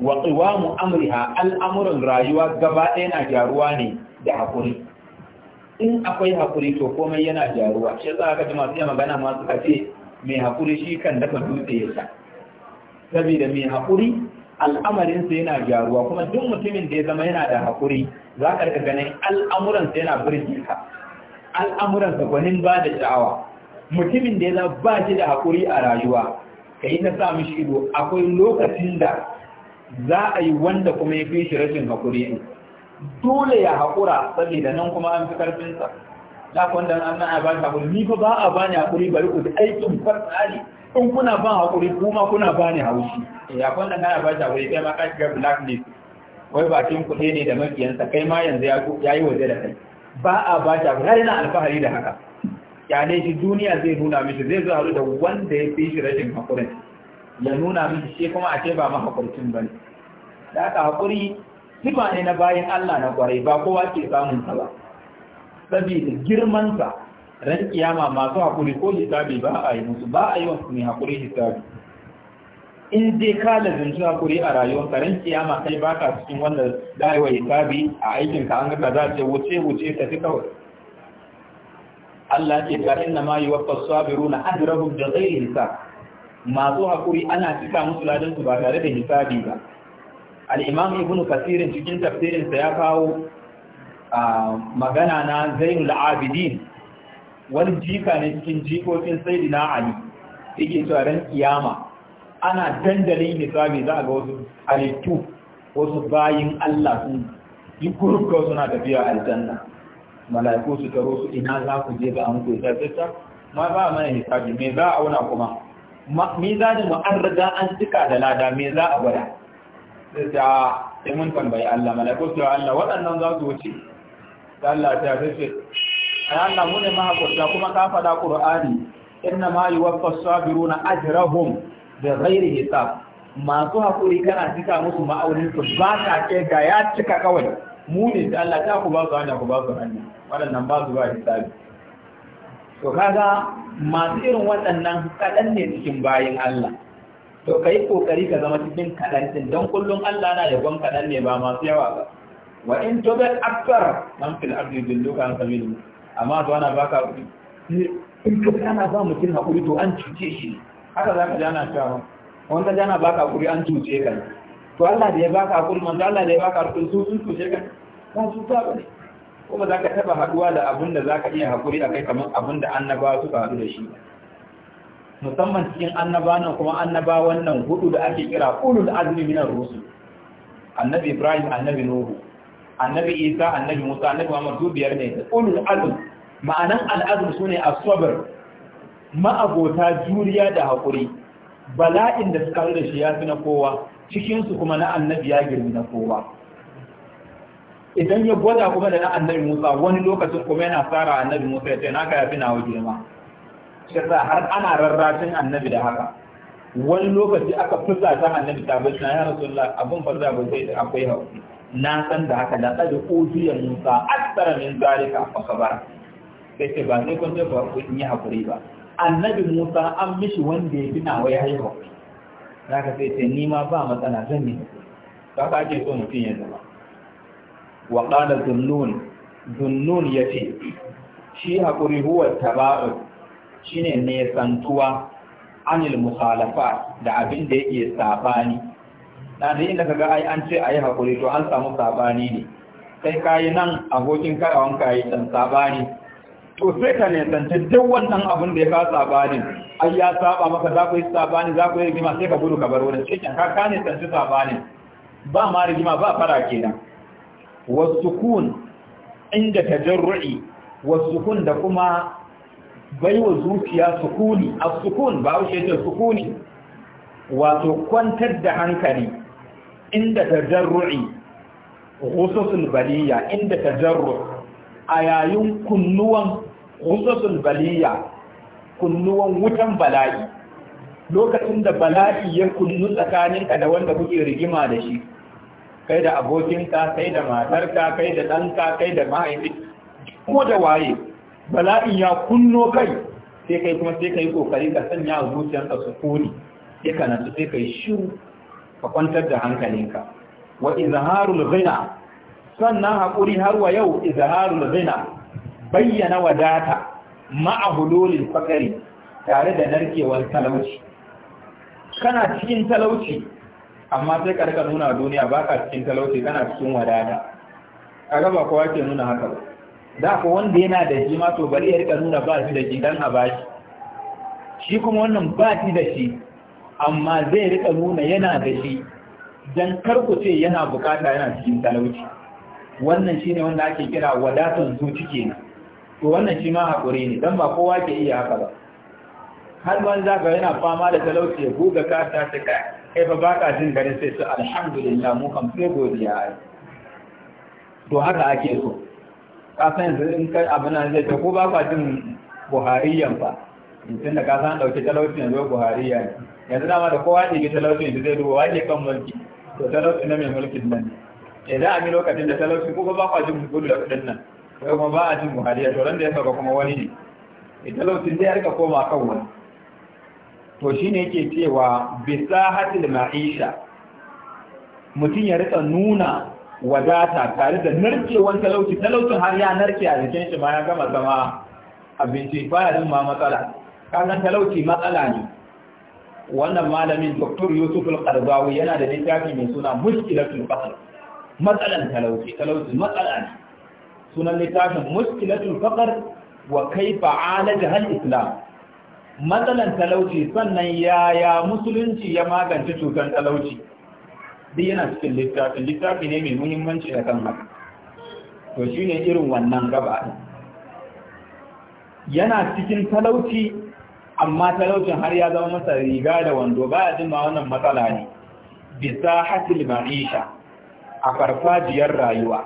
Speaker 1: wa mu amriha al'amuran rayuwa gaba ɗaya na gyaruwa ne da haƙuri in akwai hakuri to komai yana jaruwa shi yasa aka ji masu yi magana ma suka mai hakuri shi kan dafa dutse ya sha saboda mai hakuri sa yana jaruwa kuma duk mutumin da ya zama yana da hakuri za ka rika ganin al'amuransa yana burge ka al'amuransa gwanin ba da sha'awa mutumin da ya zama ba shi da hakuri a rayuwa ka yi na sa mishi ido akwai lokacin da za a yi wanda kuma ya fi shi rashin hakuri dole ya haƙura saboda nan kuma an fi ƙarfinsa na kwanda an na ba ta haƙuri ni fa ba a ba ni haƙuri bari ku aikin fasari in kuna ban haƙuri kuma kuna ba ni haushi eh, ya kwanda na ba ta haƙuri kai ma ka shiga blacklist wai bakin ku ne da makiyansa kai ma yanzu ya yi waje da kai ba a ba ta haƙuri har yana alfahari da haka ne shi duniya zai nuna mishi zai zo da wanda ya fi shi rashin haƙurin ya nuna mishi shi kuma a ce ba ma haƙurcin ba ne da aka haƙuri sifa ne na bayan Allah na kwarai ba kowa ke samun sa ba saboda girman sa ran kiyama masu hakuri ko hisabi ba a yi musu ba a yi wasu ne hakuri hisabi in dai ka lazimci hakuri a rayuwar ka ran kiyama kai ba ka cikin wanda dawo yi hisabi a aikin ka an ga kaza ce wuce wuce ta fi kawai Allah ce ka inna ma yuwaffa sabiruna ajrahum bi ghairi hisab masu hakuri ana cika musu ladan su ba tare da hisabi ba al'imam ibn kasirin cikin tafsirinsa ya kawo magana na zainul abidin wani jika ne cikin jikokin sai na ali ke tsoron kiyama ana dandalin hisabi za a ga wasu halittu wasu bayin allah sun yi kurkuka suna tafiya aljanna mala'iku su taro su ina za ku je ba an ku hisabta ma ba mana hisabi me za a wuna kuma me za da mu an riga an cika da lada me za a gwada sai ta sai mun tambayi Allah malaiku su Allah waɗannan za su wuce ta Allah ta sai ai Allah mu ne mahaƙurta kuma ka faɗa Qur'ani inna ma yuwaffa sabiruna ajrahum da ghairi hisab masu hakuri kana cika musu ma'aunin su ba ka ke ga ya cika kawai mu ne da Allah ta ku ba su hanya ku ba su hanya waɗannan ba su ba hisabi to kaga masu irin waɗannan kaɗan ne cikin bayin Allah to kai kokari ka zama cikin kaɗan din don kullum Allah na da gwan kaɗan ne ba masu yawa ba wa in to bai akbar man fil ardi duka an kamilu amma to ana baka kuɗi in to ana ba mutum hakuri to an cuce shi haka za ka ji ana cewa wanda jana baka hakuri an cuce ka to Allah da ya baka hakuri manzo Allah da ya baka hakuri su sun cuce ka ba su ta bane kuma za ka taɓa haɗuwa da abin da za ka iya haƙuri a kai kamar abin da annabawa suka haɗu da shi musamman cikin annaba nan kuma annaba wannan hudu da ake kira ulul azmi minar rusul annabi ibrahim annabi nuhu annabi isa annabi musa annabi muhammad su biyar ne ulul azm ma'anan al'azm sune as-sabr ma'abota juriya da hakuri bala'in da suka da shi ya fi na kowa cikin su kuma na annabi ya girmi na kowa idan ya gwada kuma da na annabi musa wani lokacin kuma yana tsara annabi musa ya ce naka ya fi na wajen ma. shi har ana rarrashin annabi da haka wani lokaci aka fusa ta annabi ta bashi ya rasulullah abun fa ba zai sai akwai hauki na san da haka da kada jiya musa aksara min zalika fa kabara sai ce ba zai kun ba ku yi hakuri ba annabi musa an mishi wanda ya gina wai haihu. zaka sai ce ni ma ba matsala zan yi ka ka ake so mutum ya zama wa qala dhunnun dhunnun ce. shi hakuri huwa tabau shine nesantuwa anil mukhalafa da abin da yake sabani ɗanin inda ka ga ai an ce a yi to an samu sabani ne sai kayi nan abokin ka karawan kai dan sabani to sai ka nesanci duk wannan abin da ya ka sabanin ai ya saba maka za ku yi sabani za ku yi rigima sai ka gudu ka bar wurin cikin ka ka nesanci sabani ba ma rigima ba fara kenan wasukun inda tajarru'i wasukun da kuma baiwa zuciya sukuni a sukun ba wuce ce sukuni wato kwantar da hankali inda tajarru'i ghususul baliya inda tajarru a yayin kunnuwan ghususul baliya kunnuwan wutan bala'i lokacin da bala'i ya kunnu tsakaninka da wanda kuke rigima da shi kai da abokinka kai da matarka kai da ɗanka kai da mahaifi ko da waye bala'in ya kunno kai sai kai kuma sai kai kokari ka sanya a zuciyarka su kone sai kana su sai kai shiru ka kwantar da hankalinka wa izharul ghina sannan hakuri har wa yau izharul ghina bayyana wadata ma'a fakari tare da narkewar talauci kana cikin talauci amma sai ka rika nuna duniya baka cikin talauci kana cikin wadata kaga ba kowa ke nuna haka ba da ko wanda yana da shi ma to bari ya rika nuna ba shi da shi dan a bashi shi kuma wannan ba shi da shi amma zai rika nuna yana da shi dan kar ku ce yana bukata yana cikin talauci wannan shine wanda ake kira wadatan zuci kenan to wannan shi ma hakuri ne dan ba kowa ke iya haka ba har man za ka yana fama da talauci ya buga kasa ta kai kai ba baka jin garin sai su alhamdulillah mu kan sai godiya to haka ake so ka san yanzu in kai abin nan zai ta ko ba kwa jin buhariyan ba tun da ka san ɗauki talauci yanzu buhariya ne yanzu dama da kowa ne ke talauci yanzu zai duba wake kan mulki to talauci na mai mulkin nan ne idan eh, a mi lokacin da talauci ko ba kwa jin gudu da kuɗin nan ko kuma ba a jin buhariya to ran da ya sauka kuma wani ne ita eh, talauci zai harka koma kan wani to shi ne yake cewa bisa hatil ma'isha mutum ya rika nuna wadata tare da narkewar talauci talaucin har ya narke a jikin shi ma ya gama zama abinci baya jin ma matsala kanan talauci matsala ne wannan malamin Dr. Yusuf Al-Qarzawi yana da littafi mai suna Mushkilatul Faqr matsalan talauci talauci matsala ne sunan littafin Mushkilatul Faqr wa kaifa alajaha hal islam matsalan talauci sannan yaya musulunci ya magance cutar talauci duk yana cikin littafin littafi ne mai muhimmanci da kan haka to shi ne irin wannan gaba yana cikin talauci amma talaucin har ya zama masa riga da wando baya jin ma wannan matsala ne bisa hasil ma'isha a farfajiyar rayuwa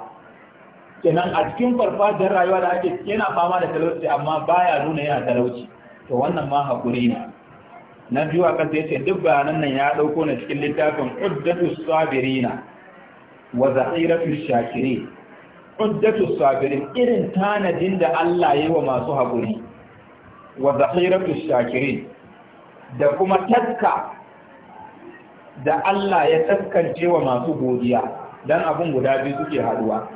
Speaker 1: kenan a cikin farfajiyar rayuwa da ake yana fama da talauci amma baya nuna yana talauci to wannan ma hakuri ne na biyu a ƙasa yace duk bayanan nan ya ɗauko na cikin littafin uddatu sabirina wa zahiratu shakiri uddatu sabirin irin tanadin da Allah ya yi wa masu haƙuri wa zahiratu shakiri da kuma taska da Allah ya taskance wa masu godiya dan abun guda biyu suke haɗuwa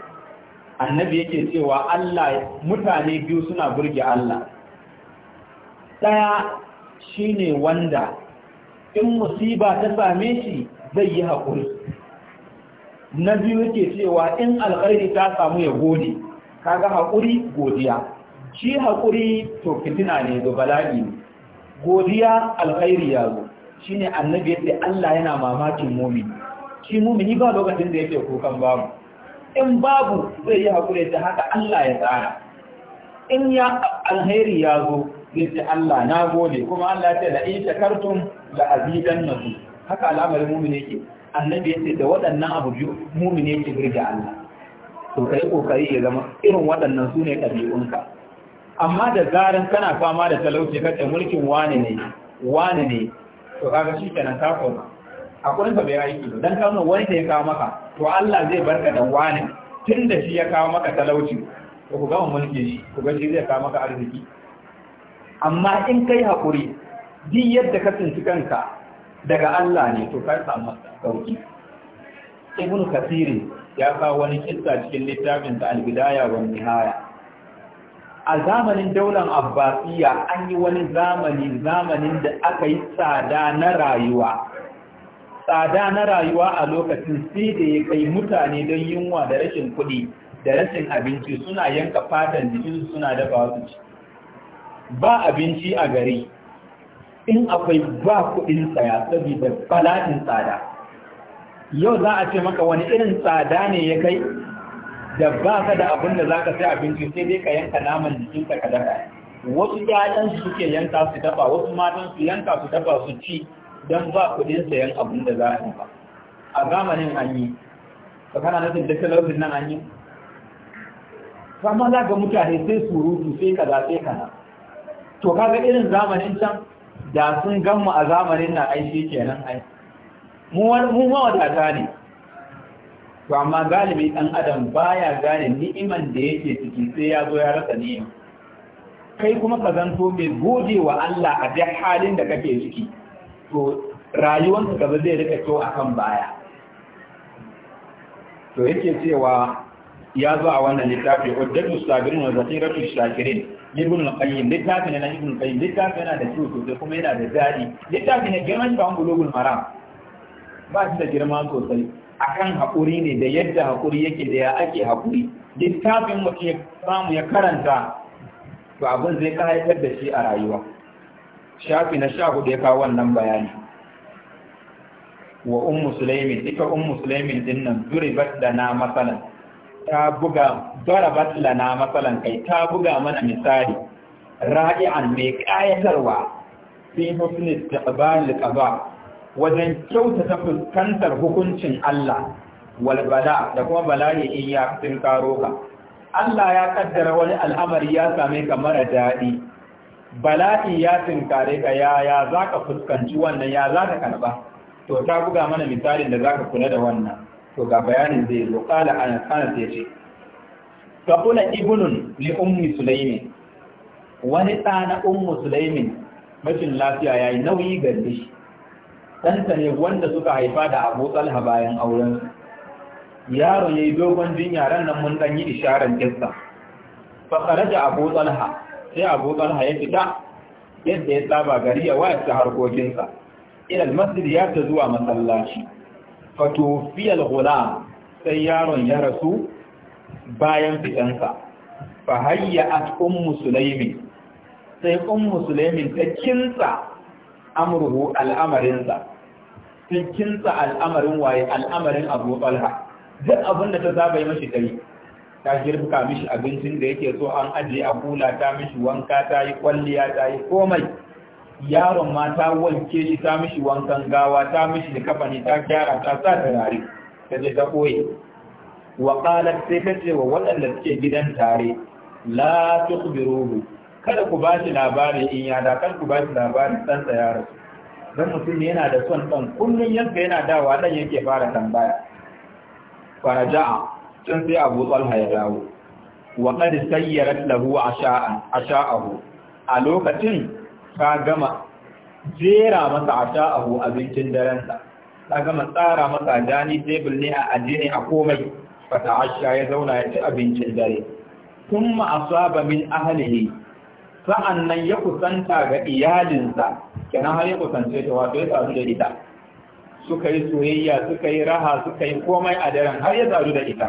Speaker 1: annabi yake cewa Allah mutane biyu suna burge Allah daya Shi ne wanda in musiba ta same shi zai yi haƙuri na biyu yake cewa in alƙairi ta samu ya gode kaga haƙuri godiya shi haƙuri to fitina ne da bala'i ne godiya alƙairi ya zo Shi ne annabi yadda Allah yana mamakin momi shi mumini ba lokacin da yake kokan babu in babu zai yi haƙuri ta haka Allah ya tsara in ya alheri ya zo zai ce Allah na gode kuma Allah ce la in da azidan azidannakum haka al'amarin mu'min yake annabi yace da waɗannan abu biyu mu'min yake birga Allah to kai kokari ya zama irin waɗannan sune ɗabi'unka amma da zaran kana fama da talauci kace mulkin wane ne wane ne to kaga shi kenan ka koma Akwai kurin bai aiki ba dan kawo wani da ya kawo maka to Allah zai barka da wani tun da shi ya kawo maka talauci to ku gama mulki shi ku ga shi zai kawo maka arziki amma in kai haƙuri duk yadda ka tunci kanka daga Allah ne to ka samu sauki ibnu kasiri ya kawo wani kissa cikin littafin da al-bidaya wa nihaya a zamanin daular abbasiya an yi wani zamani zamanin da aka yi tsada na rayuwa tsada na rayuwa a lokacin sai da ya kai mutane don yunwa da rashin kuɗi da rashin abinci suna yanka fatan jikin suna dafa wasu ci ba abinci a gari in akwai ba kuɗin tsaya saboda bala'in tsada yau za a ce maka wani irin tsada ne ya kai da ba ka da abin da za ka sai abinci sai dai ka yanka naman jikin ka dafa wasu su suke yanka su dafa wasu matan su yanka su dafa su ci don ba kuɗin sayan abin da za a ba. a zamanin an yi ka kana nufin da talabijin nan an yi kama za ga mutane sai surutu sai kaza sai kana to kaga irin zamanin can da sun gamma a zamanin na aishi kenan ai mu ta ne to amma galibi dan adam baya gane ni'iman da yake ciki sai ya zo ya rasa ni'ima kai kuma ka zanto mai gode wa Allah a duk halin da kake ciki to ka gaba zai rika kyau akan baya to yake cewa ya zo a wannan littafi uddatu sabirin wa zakiratu shakirin ibn al-qayyim littafin na ibn al-qayyim littafin yana da kyau sosai kuma yana da daɗi littafin ne girman ba bulugul maram ba shi da girma sosai akan hakuri ne da yadda hakuri yake da ya ake hakuri littafin mutum ya samu ya karanta to abin zai kayatar da shi a rayuwa shafi na sha hudu ya kawo wannan bayani wa ummu sulaimin ita ummu sulaimin din nan duribat da na matsalan ta buga darabat lana matsalan kai ta buga mana misali ra'i'an mai kayatarwa fi husni taqbal qada wajen kyautata fuskantar hukuncin Allah wal bala da kuma bala'i in ya tun karo ka Allah ya kaddara wani al'amari ya same ka mara daɗi bala'i ya kare ka ya ya zaka fuskanci wannan ya zaka karba to ta buga mana misalin da zaka kula da wannan to ga bayanin zai zo kala anas anas sai ce fa kula ibnun li ummi sulaymi wani ɗa na ummu sulaymi mutun lafiya yayi nauyi ga shi ɗanta ne wanda suka haifa da abu talha bayan auren yaron ne dogon jinya yaran nan mun dan yi isharar kissa fa kharaja abu talha sai abu talha ya fita yadda ya saba gari ya wayar harkokinsa ila almasjid ya ta zuwa masallaci fiyal hula sai yaron ya rasu bayan fitansa fa hayya at ummu sulaimi sai ummu sulaimin ta kinsa amruhu al'amarinsa ta kinsa al'amarin waye al'amarin abu talha duk abin da ta zaba yi mashi kai ta girka mishi abincin da yake so an ajiye a kula ta mishi wanka ta yi kwalliya ta yi komai yaron ma ta wanke shi ta mishi wankan gawa ta mishi da kafani ta gyara ta sa turare ta je ta koye wa qalat sai ta ce wa waɗanda suke gidan tare la tukhbiruhu kada ku ba shi labari in ya da kar ku ba shi labari san sa yaro dan mutum yana da son dan kullun yadda yana dawa dan yake fara tambaya faraja'a tun sai Abu Talha ya dawo wa qad sayyarat lahu asha'a asha'ahu a lokacin ka gama jera masa a sha'ahu abincin darensa ka gama tsara masa dani tebul ne a ajiye a komai fata asha ya zauna ya ci abincin dare sun ma'asaba min ahalihi sa'an nan ya kusanta ga iyalinsa kenan har ya kusance ta wato ya sadu da ita suka yi soyayya suka yi raha suka yi komai a daren har ya sadu da ita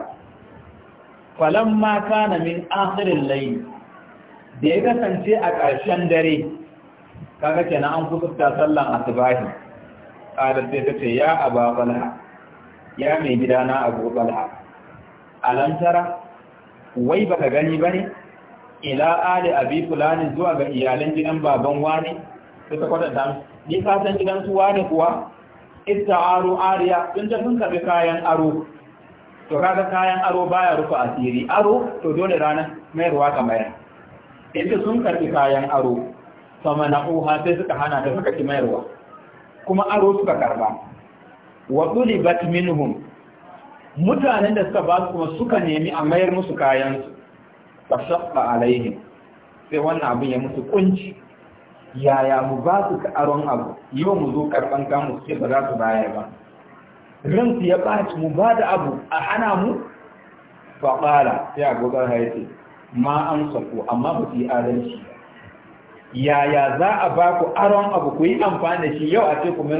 Speaker 1: falon ma kana min ahirin layi da ya kasance a ƙarshen dare kaga kenan an kusurta sallan asubahi qalat sai ta ce ya aba balha ya mai gidana abu balha alam tara wai baka gani bane ila ali abi fulani zuwa ga iyalan gidan baban wani sai ta dan ni ka san gidan su wani kuwa itta'aru ariya sun da sun kabe kayan aro to kaga kayan aro baya rufe asiri aro to dole ranar mayarwa ka mayar inda sun karbi kayan aro sama na uha sai suka hana da suka ki mayarwa kuma aro suka karba wa tulibat minhum mutanen da suka ba su kuma suka nemi a mayar musu kayan su fashaqqa alaihim sai wannan abin ya mutu kunci yaya mu ba su aron abu yau mu zo karban kamu sai ba za su bayar ba ransu ya ɓaci mu ba da abu a hana mu faɓala sai agogar haiti ma an sako amma ba su yi adalci yaya za a ba ku aron abu ku yi amfani da shi yau a ce ku mai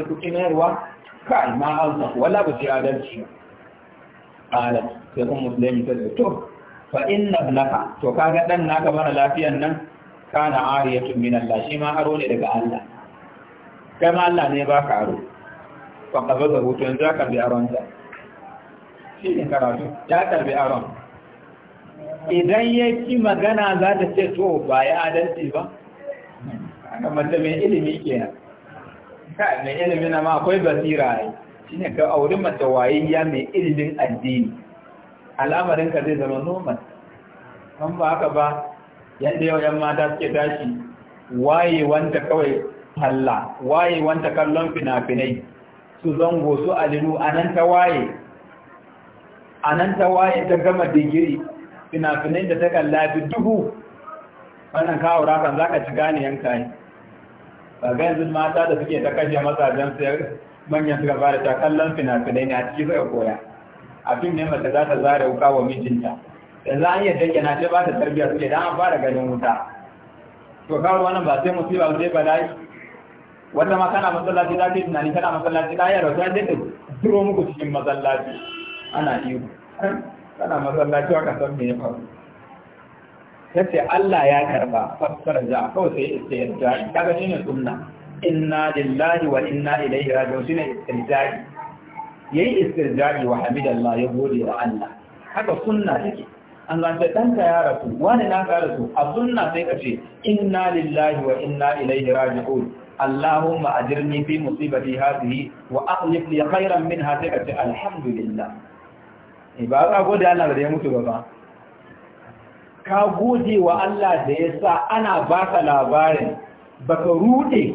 Speaker 1: ruwa kai ma an sa wala ba shi adalci ala sai kuma musulmi ta to fa inna laka to kaga dan naka mara lafiyan nan kana ariyatun min Allah shi ma aro ne daga Allah kai ma Allah ne ba ka aro fa qabaza hutu yanzu ka bi aron ta. shi ne karatu ya karbi aron idan ya ci magana za ta ce to ba ya adalci ba kamar da mai ilimi kenan ka mai ilimi na ma akwai basira ne ne ka auri mace ya mai ilimin addini al'amarin ka zai zama normal kan ba haka ba yadda yau yan mata suke tashi waye wanta kawai halla waye wanta kallon fina-finai su zango su alinu a nan ta waye a nan ta waye ta gama digiri fina-finai da ta kallafi duhu wannan kawo rakan za ka ci gane yanka ne. kaga yanzu mata da suke ta kashe mazajen su manyan suka fara ta kallon fina-finai ne a ciki suka koya a fim ne mace za ta zare wuka wa mijinta da za a iya dake na ce ba ta tarbiyya suke da an fara ganin wuta to kawo wannan ba sai musiba sai bala'i wata ma kana masallaci za ta yi tunani kana masallaci da yaro ta je ta turo muku cikin masallaci ana iyo kana masallaci wa ka san me ya faru ta ce Allah ya karba fassar za kawai sai istirjari kaga shine sunna inna lillahi wa inna ilaihi raji'un shine istirjari yayi istirjari wa hamidallah ya gode wa Allah haka sunna take an zanta ɗanka ya rasu wani na ka rasu a sunna sai ka ce inna lillahi wa inna ilaihi raji'un allahumma ajirni fi musibati hadhihi wa akhlif li khairan minha sai ka ce alhamdulillah eh, ba za gode Allah da ya mutu ba ka gode wa Allah da ya sa ana ba ka labarin ba ka rude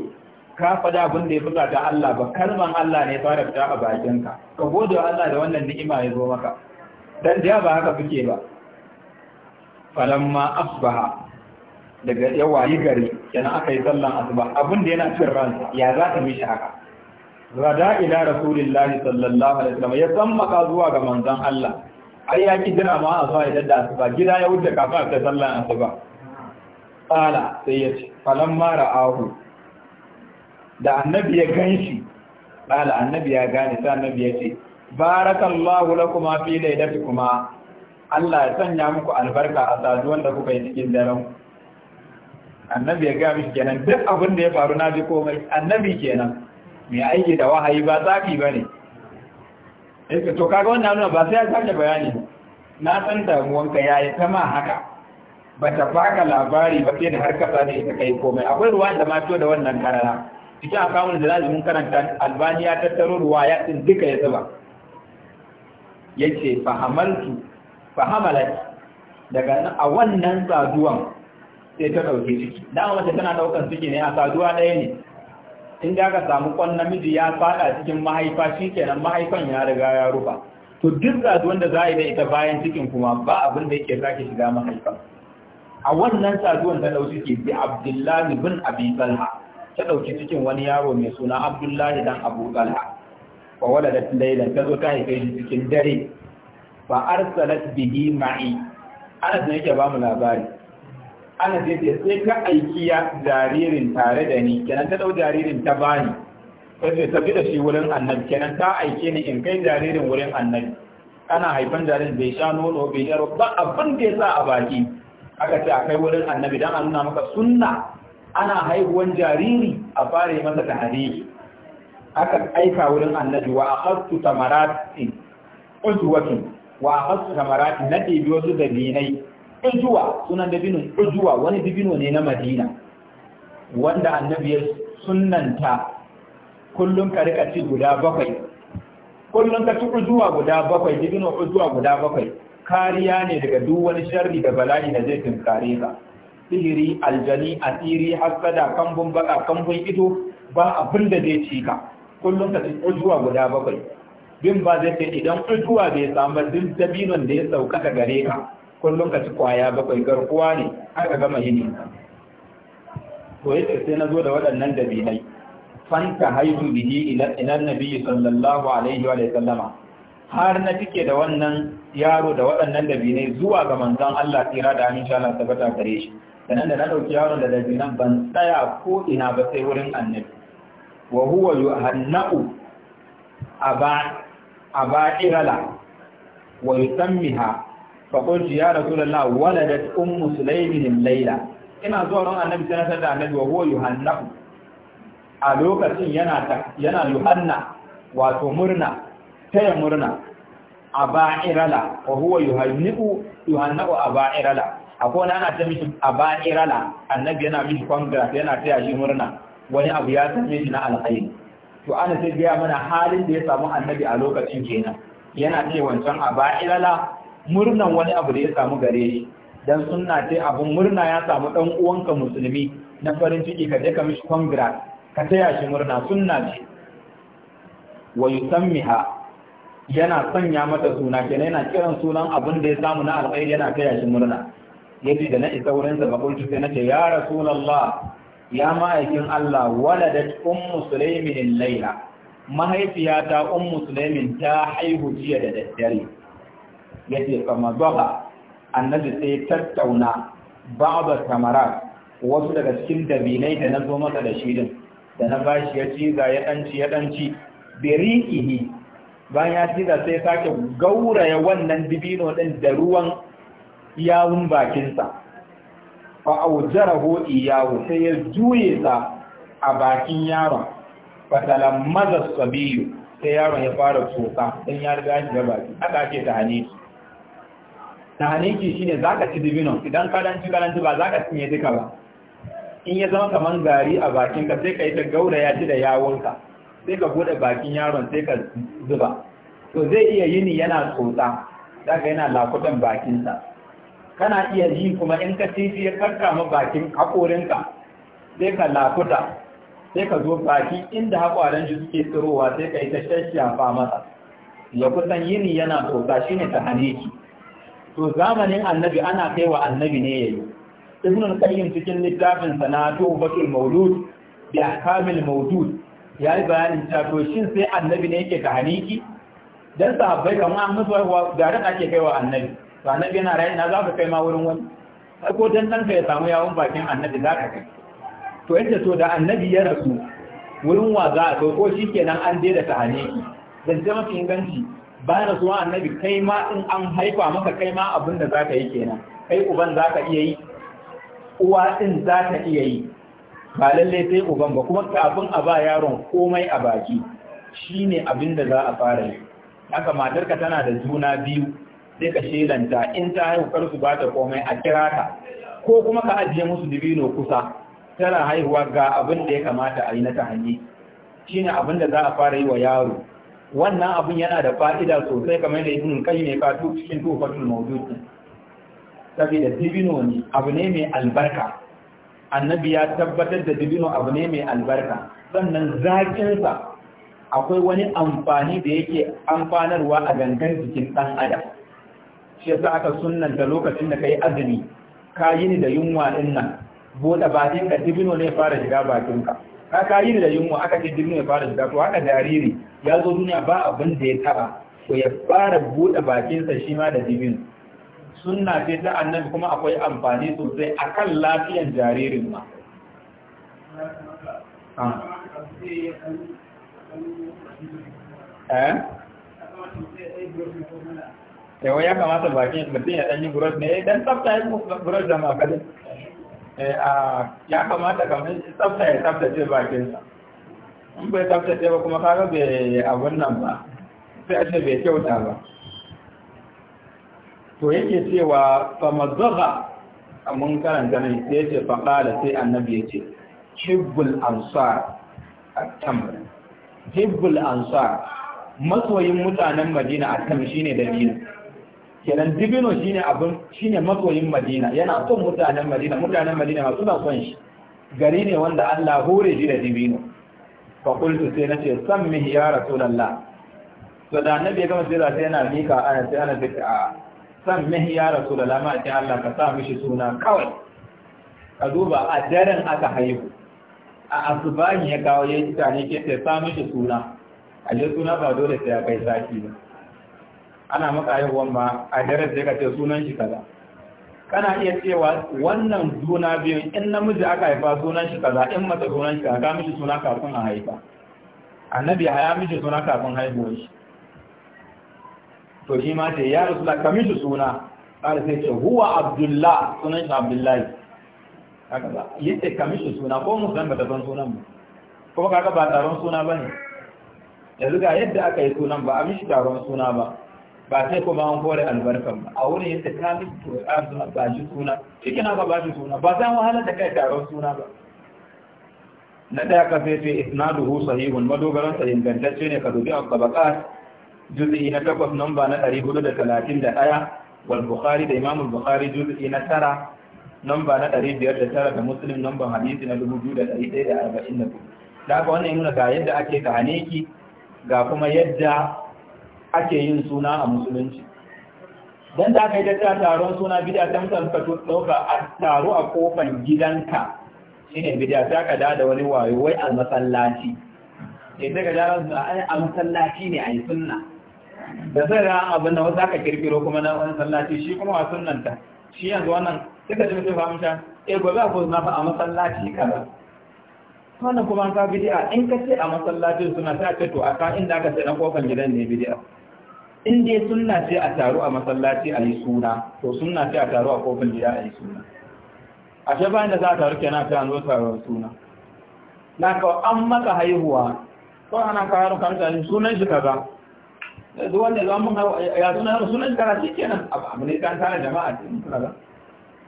Speaker 1: ka fada abin da ya fi ta Allah ba kalman Allah ne fara fita a bakinka ka gode wa Allah da wannan ni'ima ya zo maka dan da ba haka fike ba falamma asbaha daga yawa yi gari yana aka yi sallan asuba abin da yana cin ransa ya za ta mishi haka rada ila rasulillahi sallallahu alaihi wasallam ya san maka zuwa ga manzon Allah ai ya ki jira ma a zuwa idan da asuba gida ya wuce kafin a ta sallan asuba tsala sai ya ce falon mara ahu da annabi ya ganshi shi tsala annabi ya gane sai annabi ya ce barakallahu lakuma fi laylatikum Allah ya sanya muku albarka a saduwan da kuka yi cikin daren annabi ya ga miki kenan duk abin da ya faru na ji komai annabi kenan mai aiki da wahayi ba tsafi bane Eh, to kaga wannan nuna ba sai ya sake bayani na san damuwanka ya yi ta haka ba ta baka labari ba sai da har kasa ne ita kai komai akwai ruwa da mato da wannan karara cikin akawun da lazimin karanta albaniya ta taro ruwa ya tsin duka ya zuba ya ce fahamaltu daga a wannan saduwan sai ta ɗauke ciki dama mace tana ɗaukan ciki ne a saduwa ɗaya ne in da aka samu kwan namiji ya faɗa cikin mahaifa kenan mahaifan ya riga ya rufa to duk saduwan da za a yi da ita bayan cikin kuma ba abin da yake sake shiga mahaifan a wannan saduwan ta dauki ke bi abdullahi bin abi talha ta dauki cikin wani yaro mai suna abdullahi dan abu talha wa da laylan ta zo ta haife shi cikin dare fa arsalat bihi ma'i ana ne yake ba mu labari ana ce ce sai ka aiki ya jaririn tare da ni kenan ta dau jaririn ta bani sai ta tafi da shi wurin annabi kenan ta aike ni in kai jaririn wurin annabi ana haifan jaririn bai sha nono bai yaro ba abin da ya sa a baki aka ce a kai wurin annabi don a nuna maka sunna ana haihuwan jariri a fara yi masa tahriki aka aika wurin annabi wa hasu tamarati uzwatun wa hasu tamarati na ɗebi wasu dalilai ujuwa sunan dabino ujuwa wani bibino ne na madina wanda annabi ya sunnanta kullum ka rika ci guda bakwai kullum ka ci ujuwa guda bakwai bibino ujuwa guda bakwai kariya ne daga duk wani sharri da bala'i da zai tunkare ka sihiri aljani asiri hasada kambun baka kambun ido ba abin da zai ci ka kullum ka ci ujuwa guda bakwai bin ba zai ce idan ujuwa bai samu duk dabinon da ya sauka gare ka kullum ka ci kwaya bakwai garkuwa ne aka gama yini to yace sai na zo da waɗannan dabinai fanta haidu bihi ila ila nabi sallallahu alaihi wa sallama har na tike da wannan yaro da waɗannan dabinai zuwa ga manzon Allah tsira da amin sha Allah tabbata gare shi sannan da na dauki yaron da dabinan ban tsaya ko ina ba sai wurin annabi wa huwa yuhanna'u aba aba irala wa yusammiha فقلت يا رسول الله ولدت أم سليم ليلى ina zuwa ran annabi sai sanar da annabi wa huwa a lokacin yana ta wato murna taya murna a ba'irala wa huwa yuhannu yuhanna a ba'irala akwai wani ana ta mishi a ba'irala annabi yana mishi congress yana taya shi murna wani abu ya same shi na alkhairi to ana sai gaya mana halin da ya samu annabi a lokacin kenan yana ce wancan a ba'irala murnan wani abu da ya samu gare shi dan sunna ce abun murna ya samu dan uwanka musulmi na farin ciki ka je ka mishi congrats ka taya shi murna sunna ce wa yusammiha yana sanya mata suna ke yana kiran sunan abun da ya samu na alƙairi yana taya shi murna Yaji da na isa wurin sa bakultu sai ce ya rasulullah ya ma'aikin Allah waladat ummu sulaimin laila mahaifiyata ummu sulaimin ta haihu jiya da daddare yace famadaba annabi sai ya tattauna ba'da kamara wasu daga cikin dabinai da na zo masa da shi da na bashi ya ci ga ya ɗanci, ya danci birihi bayan ya ci ga sai sake gauraya wannan dibino din da ruwan yawun bakinsa fa aujarahu iyahu sai ya juye sa a bakin yaron fatalammaza sabiyu sai yaron ya fara tsoka dan ya riga da baki aka ce ta hane na ne shine ka ci dibinon idan ka dan karanci ba ka cinye duka ba in ya zama kamar gari a bakin ka sai ka yi ta gauraya ci da yawonka sai ka buɗe bakin yaron sai ka zuba to zai iya yini yana tsotsa ka yana lakutan bakinsa kana iya yi kuma in ka ci ya ma bakin haƙorinka sai ka lakuta sai ka zo baki inda haƙwaran ji suke tsirowa sai ka yi ta shashafa masa ya kusan yini yana tsotsa shine ta hannunki to zamanin annabi ana kai wa annabi ne yayi ibn al-qayyim cikin littafin sanatu bakil maulud bi ahkamil ya yayi bayanin ta to shin sai annabi ne yake tahniki dan sahabbai kamar an musu wa garin ake kai wa annabi to annabi yana rayu na za ka kai ma wurin wani ko dan danka ya samu yawon bakin annabi za ka kai to yadda to da annabi ya rasu wurin wa za a kai ko shikenan an daida tahniki dan mafi inganci bayan rasuwa annabi kai ma in an haifa maka kai ma abin da za ka yi kenan kai uban za ka iya yi uwa ɗin za ta iya yi ba lallai sai uban ba kuma kafin a ba yaron komai a baki shi ne abin da za a fara yi haka matarka tana da juna biyu sai ka shelanta in ta haihu kar su ba ta komai a kira ka ko kuma ka ajiye musu dibino kusa tana haihuwa ga abin da ya kamata a yi na ta hanyi shi ne abin da za a fara yi wa yaro wannan abun yana da fa'ida sosai kamar da ibn kai ne kawo cikin tufatul mawdud saboda dibino ne abu ne mai albarka annabi ya tabbatar da dibino abu ne mai albarka sannan zakinsa akwai wani amfani da yake amfanarwa a gangan jikin ɗan adam shi yasa aka sunnanta lokacin da ka yi azumi ka yi ni da yunwa ɗin nan bude bakinka dibino ne fara shiga bakinka ka yi da yunwa aka ce duniya fara shiga to haka jariri ya zo duniya ba abin da ya taba ko ya fara buɗe bakinsa shi ma da dibin sunna ce ta annabi kuma akwai amfani sosai akan lafiyan jaririn ma ah. eh Eh, ya kamata bakin mutum ya yi brush ne dan eh, tsafta ya brush da makadin Eh, ya kamata kamar tsafta ya tsaftace bakinsa in bai tsaftace ba kuma kaga bai abun nan ba sai ashe bai kyauta ba to yake cewa a mun karanta ne sai yace faqala sai annabi yace hibbul ansar hibbul ansar masoyin mutanen Madina at shine dalilin kenan dibino shine abin shine masoyin madina yana son mutanen madina mutanen madina ma suna son shi gari ne wanda Allah hore shi da dibino fa qultu sai nace sammi ya rasulullah to da annabi ya gama sai sai yana mika ana sai ana fita a sammi ya rasulullah ma sai Allah ka sa mishi suna kawai ka duba a daren aka haihu a asubani ya kawo ya ji tane ke sai sa mishi suna a suna ba dole sai ya kai zaki ba ana maka haihuwan ba a daren da ka ce sunan shi kaza kana iya cewa wannan juna biyun in namiji aka haifa sunan shi kaza in mace sunan shi kaza mishi suna kafin a haifa annabi haya mishi suna kafin haihuwar shi to shi ma ce ya rasu ka mishi suna kada sai ce huwa abdullah sunan shi abdullahi haka ba yace ka mishi suna ko san bata san sunan mu? kuma kaga ba taron suna bane yanzu ga yadda aka yi sunan ba a mishi taron suna ba ba sai kuma an kore albarkan ba a wurin yadda ta miki to a zuwa ba shi suna cikin haka ba shi suna ba san wahalar da kai taron suna ba na daya ka fi isnadu hu sahihun madogaran sa ingantacce ne ka dubi al-tabaqat juz'i na takwas namba na ɗari da da talatin ɗaya, wal bukhari da imamu bukhari juz'i na tara namba na ɗari biyar da tara da muslim namba hadisi na dubu biyu da da da arba'in haka wannan nuna ga yadda ake ka haneki ga kuma yadda ake yin suna a musulunci don da aka yi tattara taron suna bid'a ta mutane ka dauka a taro a kofan gidanka shine bid'a ta ka da wani wayo wai a masallaci eh, sai daga jaran da ai a masallaci ne a yi sunna da sai da abin da wasu aka kirkiro kuma na wani sallaci shi kuma a sunanta, shi yanzu wannan duka ji mutum fahimta E, eh, gobe a na fa a masallaci kaza wannan kuma an ka bid'a in ka ce a masallacin suna sai a ce to a ka inda aka ce na kofan gidan ne bid'a in dai sunna ce a taru a masallaci a yi suna to sunna ce a taru a kofin gida a yi suna a shi bayan da za a taru kenan ta zo taruwar suna na ka an maka haihuwa ko ana karo kan tani sunan shi kaza eh, duk wanda zan mun ya suna yaro sunan shi kaza shi kenan abu ne kan tara jama'a cikin kaza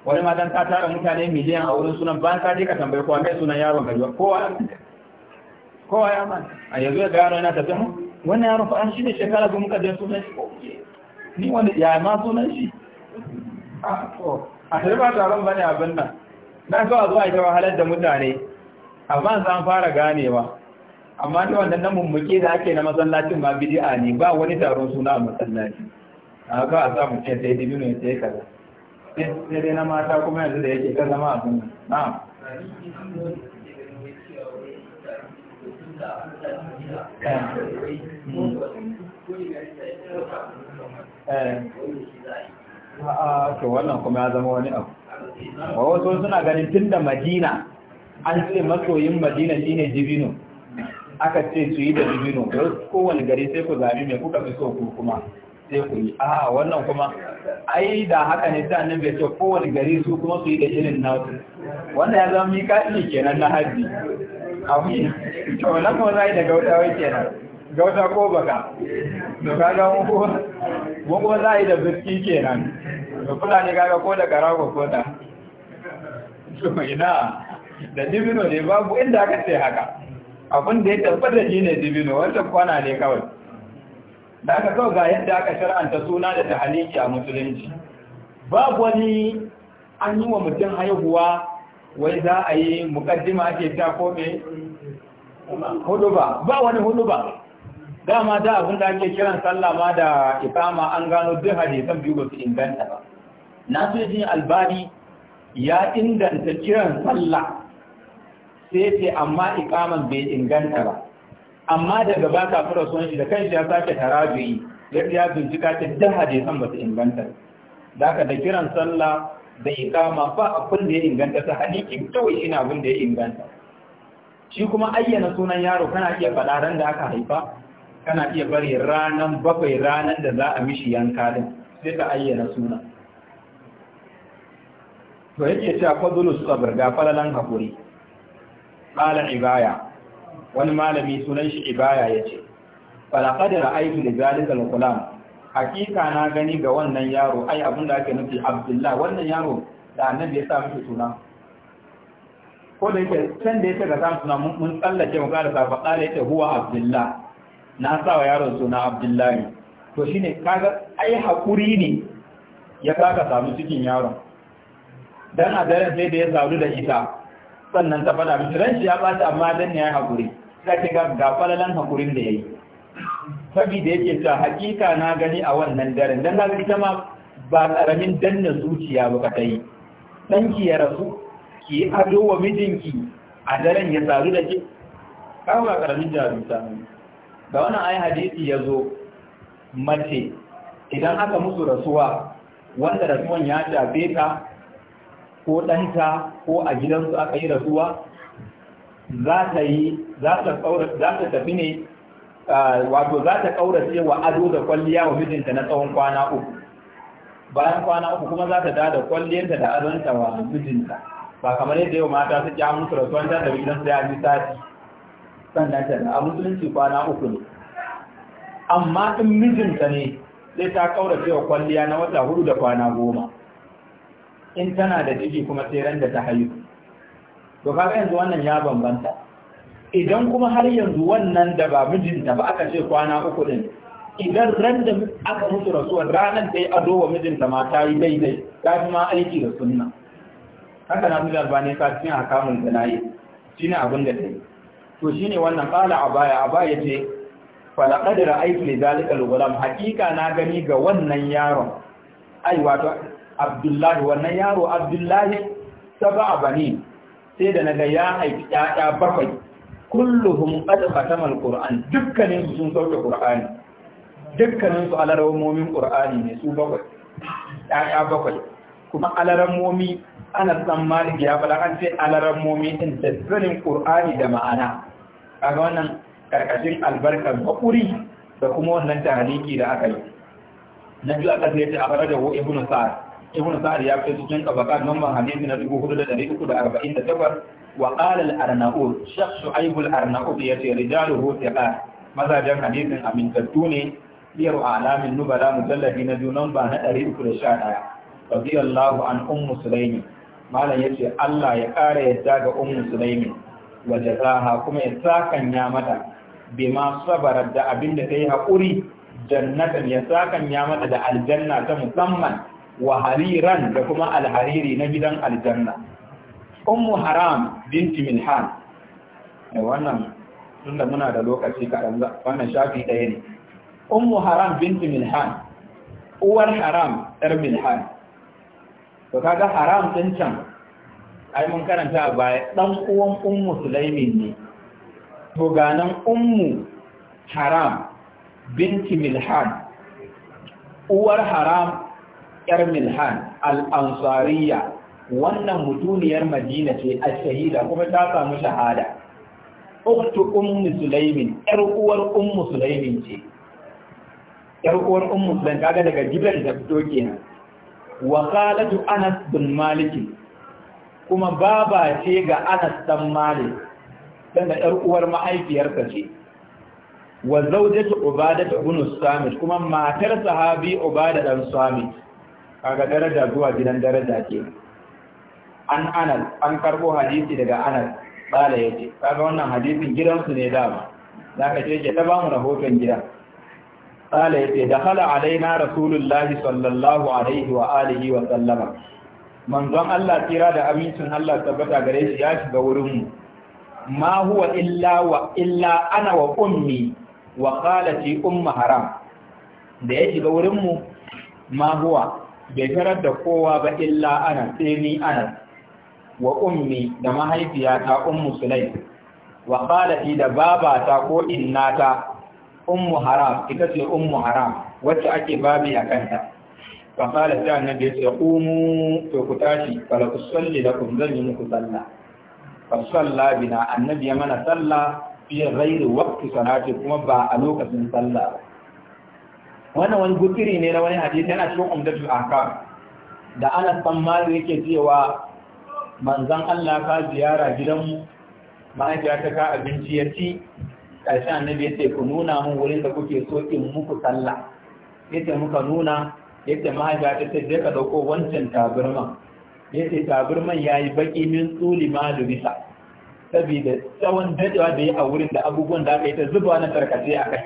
Speaker 1: wani ma dan ka tara mutane miliyan a wurin sunan ba, ka je ka tambayi kowa mai sunan yaron gari kowa kowa ya manta a yanzu ya ga yaro yana tafiya wannan yaron an shi ne shekara ga muka jan na shi ko ni wani ya ma na shi a to a shirba taron bane abin nan na kawo zuwa ita wahalar da mutane amma za fara ganewa amma ni wannan na mummuke da ake na masallacin ma bidi'a ne ba wani taron suna a masallaci a ga a samu ce sai dibino ne sai kaza sai dai na mata kuma yanzu da yake kan zama
Speaker 2: abin nan na'am Eh.
Speaker 1: Eh, to wannan kuma ya zama wani abu wasu suna ganin tun da madina an ce masoyin madina shine dibino aka ce su yi da dibino kowane gari sai ku zami mai kuka fi so ku kuma sai ku yi a wannan kuma ai da haka ne sai annabi bai ce kowane gari su kuma su yi da irin nasu wannan ya zama mika ne kenan na haji abu to wannan kuma za yi da gauta wai kenan gauta ko baka to kaga mu kuma kuma za yi da biski kenan to kula ne kaga ko da karago ko da to ina da dibino ne babu inda aka ce haka abin da ya tabbata shine dibino wata kwana ne kawai da aka kawo ga yadda aka shar'anta suna da tahaliki a musulunci babu wani an yi wa mutum haihuwa wai za a yi mukaddima ake ta kome hudu ba wani ba. dama da abin da ake kiran sallah ma da ikama an gano duk hadisan biyu ba inganta ba na su yi albari ya inganta kiran sallah sai ce amma ikaman bai inganta ba amma daga ba fara sunan shi da kan ya sake tarabiyi ya ya bincika ta da hadisan ba su inganta da ka da kiran sallah da ikama ba abin da ya inganta ta hadikin kawai shi na abin da ya inganta shi kuma ayyana sunan yaro kana iya faɗa ran da aka haifa kana iya bari ranan bakwai ranan da za a mishi yanka din sai ka ayyana suna to yake cewa fadlus sabr ga falalan hakuri qala ibaya wani malami sunan shi ibaya ya ce falaqad ra'aytu li zalika al-ghulam hakika na gani ga wannan yaro ai abin da ake nufi abdullah wannan yaro da annabi ya sa mishi suna ko da yake can da yake ga sa suna mun tsallake mu kada safa kala yake huwa abdullah na sa wa yaron suna abdullahi to shine kaga ai hakuri ne ya saka samu cikin yaron dan a daren sai da ya zaru da ita sannan ta faɗa mishi ranci ya ɓata amma dan ya yi haƙuri za ki ga ga haƙurin da ya yi saboda yake ta hakika na gani a wannan daren dan na ita ma ba ƙaramin danna zuciya ba ka yi ki ya rasu ki ado wa mijinki a daren ya saru da ke kawo ba ƙaramin jarumta ga wannan ayi hadisi ya zo mace idan aka musu rasuwa wanda rasuwan ya tafe ka ko ɗanta ko a gidansu aka yi rasuwa za ta yi za ta tafi ne wato za ta ƙaurace wa ado da kwalliya wa mijinta na tsawon kwana uku bayan kwana uku kuma za ta da da kwalliyarta da adonta wa mijinta ba kamar yadda yau mata su ja su rasuwa ta da gidansu da yaji sati sannan ta a musulunci kwana uku ne amma in mijinta ne sai ta ƙaurace wa kwalliya na wata hudu da kwana goma in tana da ciki kuma sai ran da ta haihu to kaga yanzu wannan ya bambanta idan kuma har yanzu wannan da ba mijinta ba aka ce kwana uku din idan ran da aka mutu rasuwar ranar da ya ado wa mijinta ma ta yi daidai ta fi ma aiki da sunna haka na fi zalbani ka cikin hakamun da na yi shi ne abin da ta yi to shi ne wannan kala a baya a baya ce falakadar aiki da zalikar gulam hakika na gani ga wannan yaron ai wato abdullahi wannan yaro abdullahi ta ba a bani sai da naga ya haifi ƴaƴa bakwai kulluhum qad khatama alquran dukkanin su sun sauke qur'ani dukkanin su alarawmomin qur'ani ne su bakwai ƴaƴa bakwai kuma alarammomi ana san malik ya fada an ce alarammomi din da sanin qur'ani da ma'ana kaga wannan ƙarƙashin albarkar bakuri da kuma wannan tahaliki da aka yi na biyu aka sai ta abara da ibnu sa'ad ibn sa'ad ya fi cikin tabaqat number hadisi na 4348 wa qala al-arnaud shaykh shu'aib al ya yace rijaluhu thiqat mazajan hadisin amintattu ne biyar alamin nubala musallafi na biyu nan ba 311 radiyallahu an ummu sulaimi malam yace Allah ya kare yadda ga ummu sulaimi wa jazaha kuma ya sakanya mata bima sabarar da abinda da yi haƙuri jannatan ya sakanya mata da aljanna ta musamman wa hariran da kuma alhariri na gidan aljanna ummu haram binti milhan eh wannan tunda muna da lokaci kaɗan wannan shafi ɗaya ne ummu haram binti milhan uwar haram ɗar milhan to kaga haram ɗin can ai mun karanta a baya ɗan uwan ummu sulaimin ne to nan ummu haram binti milhan uwar haram yar milhan al-ansariya wannan mutuniyar madina ce a shahida kuma ta samu shahada uktu ummu sulaimin yar uwar ummu sulaimin ce yar uwar ummu sulaimin kaga daga gidan da fito kenan wa qalatu anas bin Maliki kuma baba ce ga anas dan malik dan yar uwar mahaifiyarsa ce wa zawjatu ubadatu ibn samit kuma matar sahabi ubada dan samit kaga daraja zuwa gidan daraja ke an anal. an karbo hadisi daga anal bala yace kaga wannan hadisin gidansu ne dama zaka ce ke ta ba mu rahoton gida bala yace dakhala alaina rasulullahi sallallahu alaihi wa alihi wa sallama manzon Allah tira da amincin Allah tabbata gare shi ya shiga wurin mu ma huwa illa wa illa ana wa ummi wa qalati ummu haram da ya shiga wurin mu ma huwa bai tarar da kowa ba illa ana sai ni ana wa ummi da mahaifiyata ummu sulai wa khalati da babata ko inna ta, ummu haram ita ce ummu haram wacce ake babi a kanta fa qala ta annabi ya ce qumu to ku tashi fa la salli lakum zan yi muku salla. fa salla bina annabi ya mana salla fi ghairi waqti salati kuma ba a lokacin sallah ba wannan wani gutsiri ne na wani hadisi yana cikin umdatul ahkam da ana san ma yake cewa manzon Allah ka ziyara gidan ma'aikata ta ka abinci ya ci ƙarshen annabi ya ce ku nuna mun wurin da kuke so in muku sallah ya ce muka nuna ya ce mahaifiyata ta je ka dauko wancan tabirman ya ce tabirman ya yi baƙi min tsuli ma bisa. saboda tsawon dadewa da ya a wurin da abubuwan da aka yi ta zuba na tarkace a kai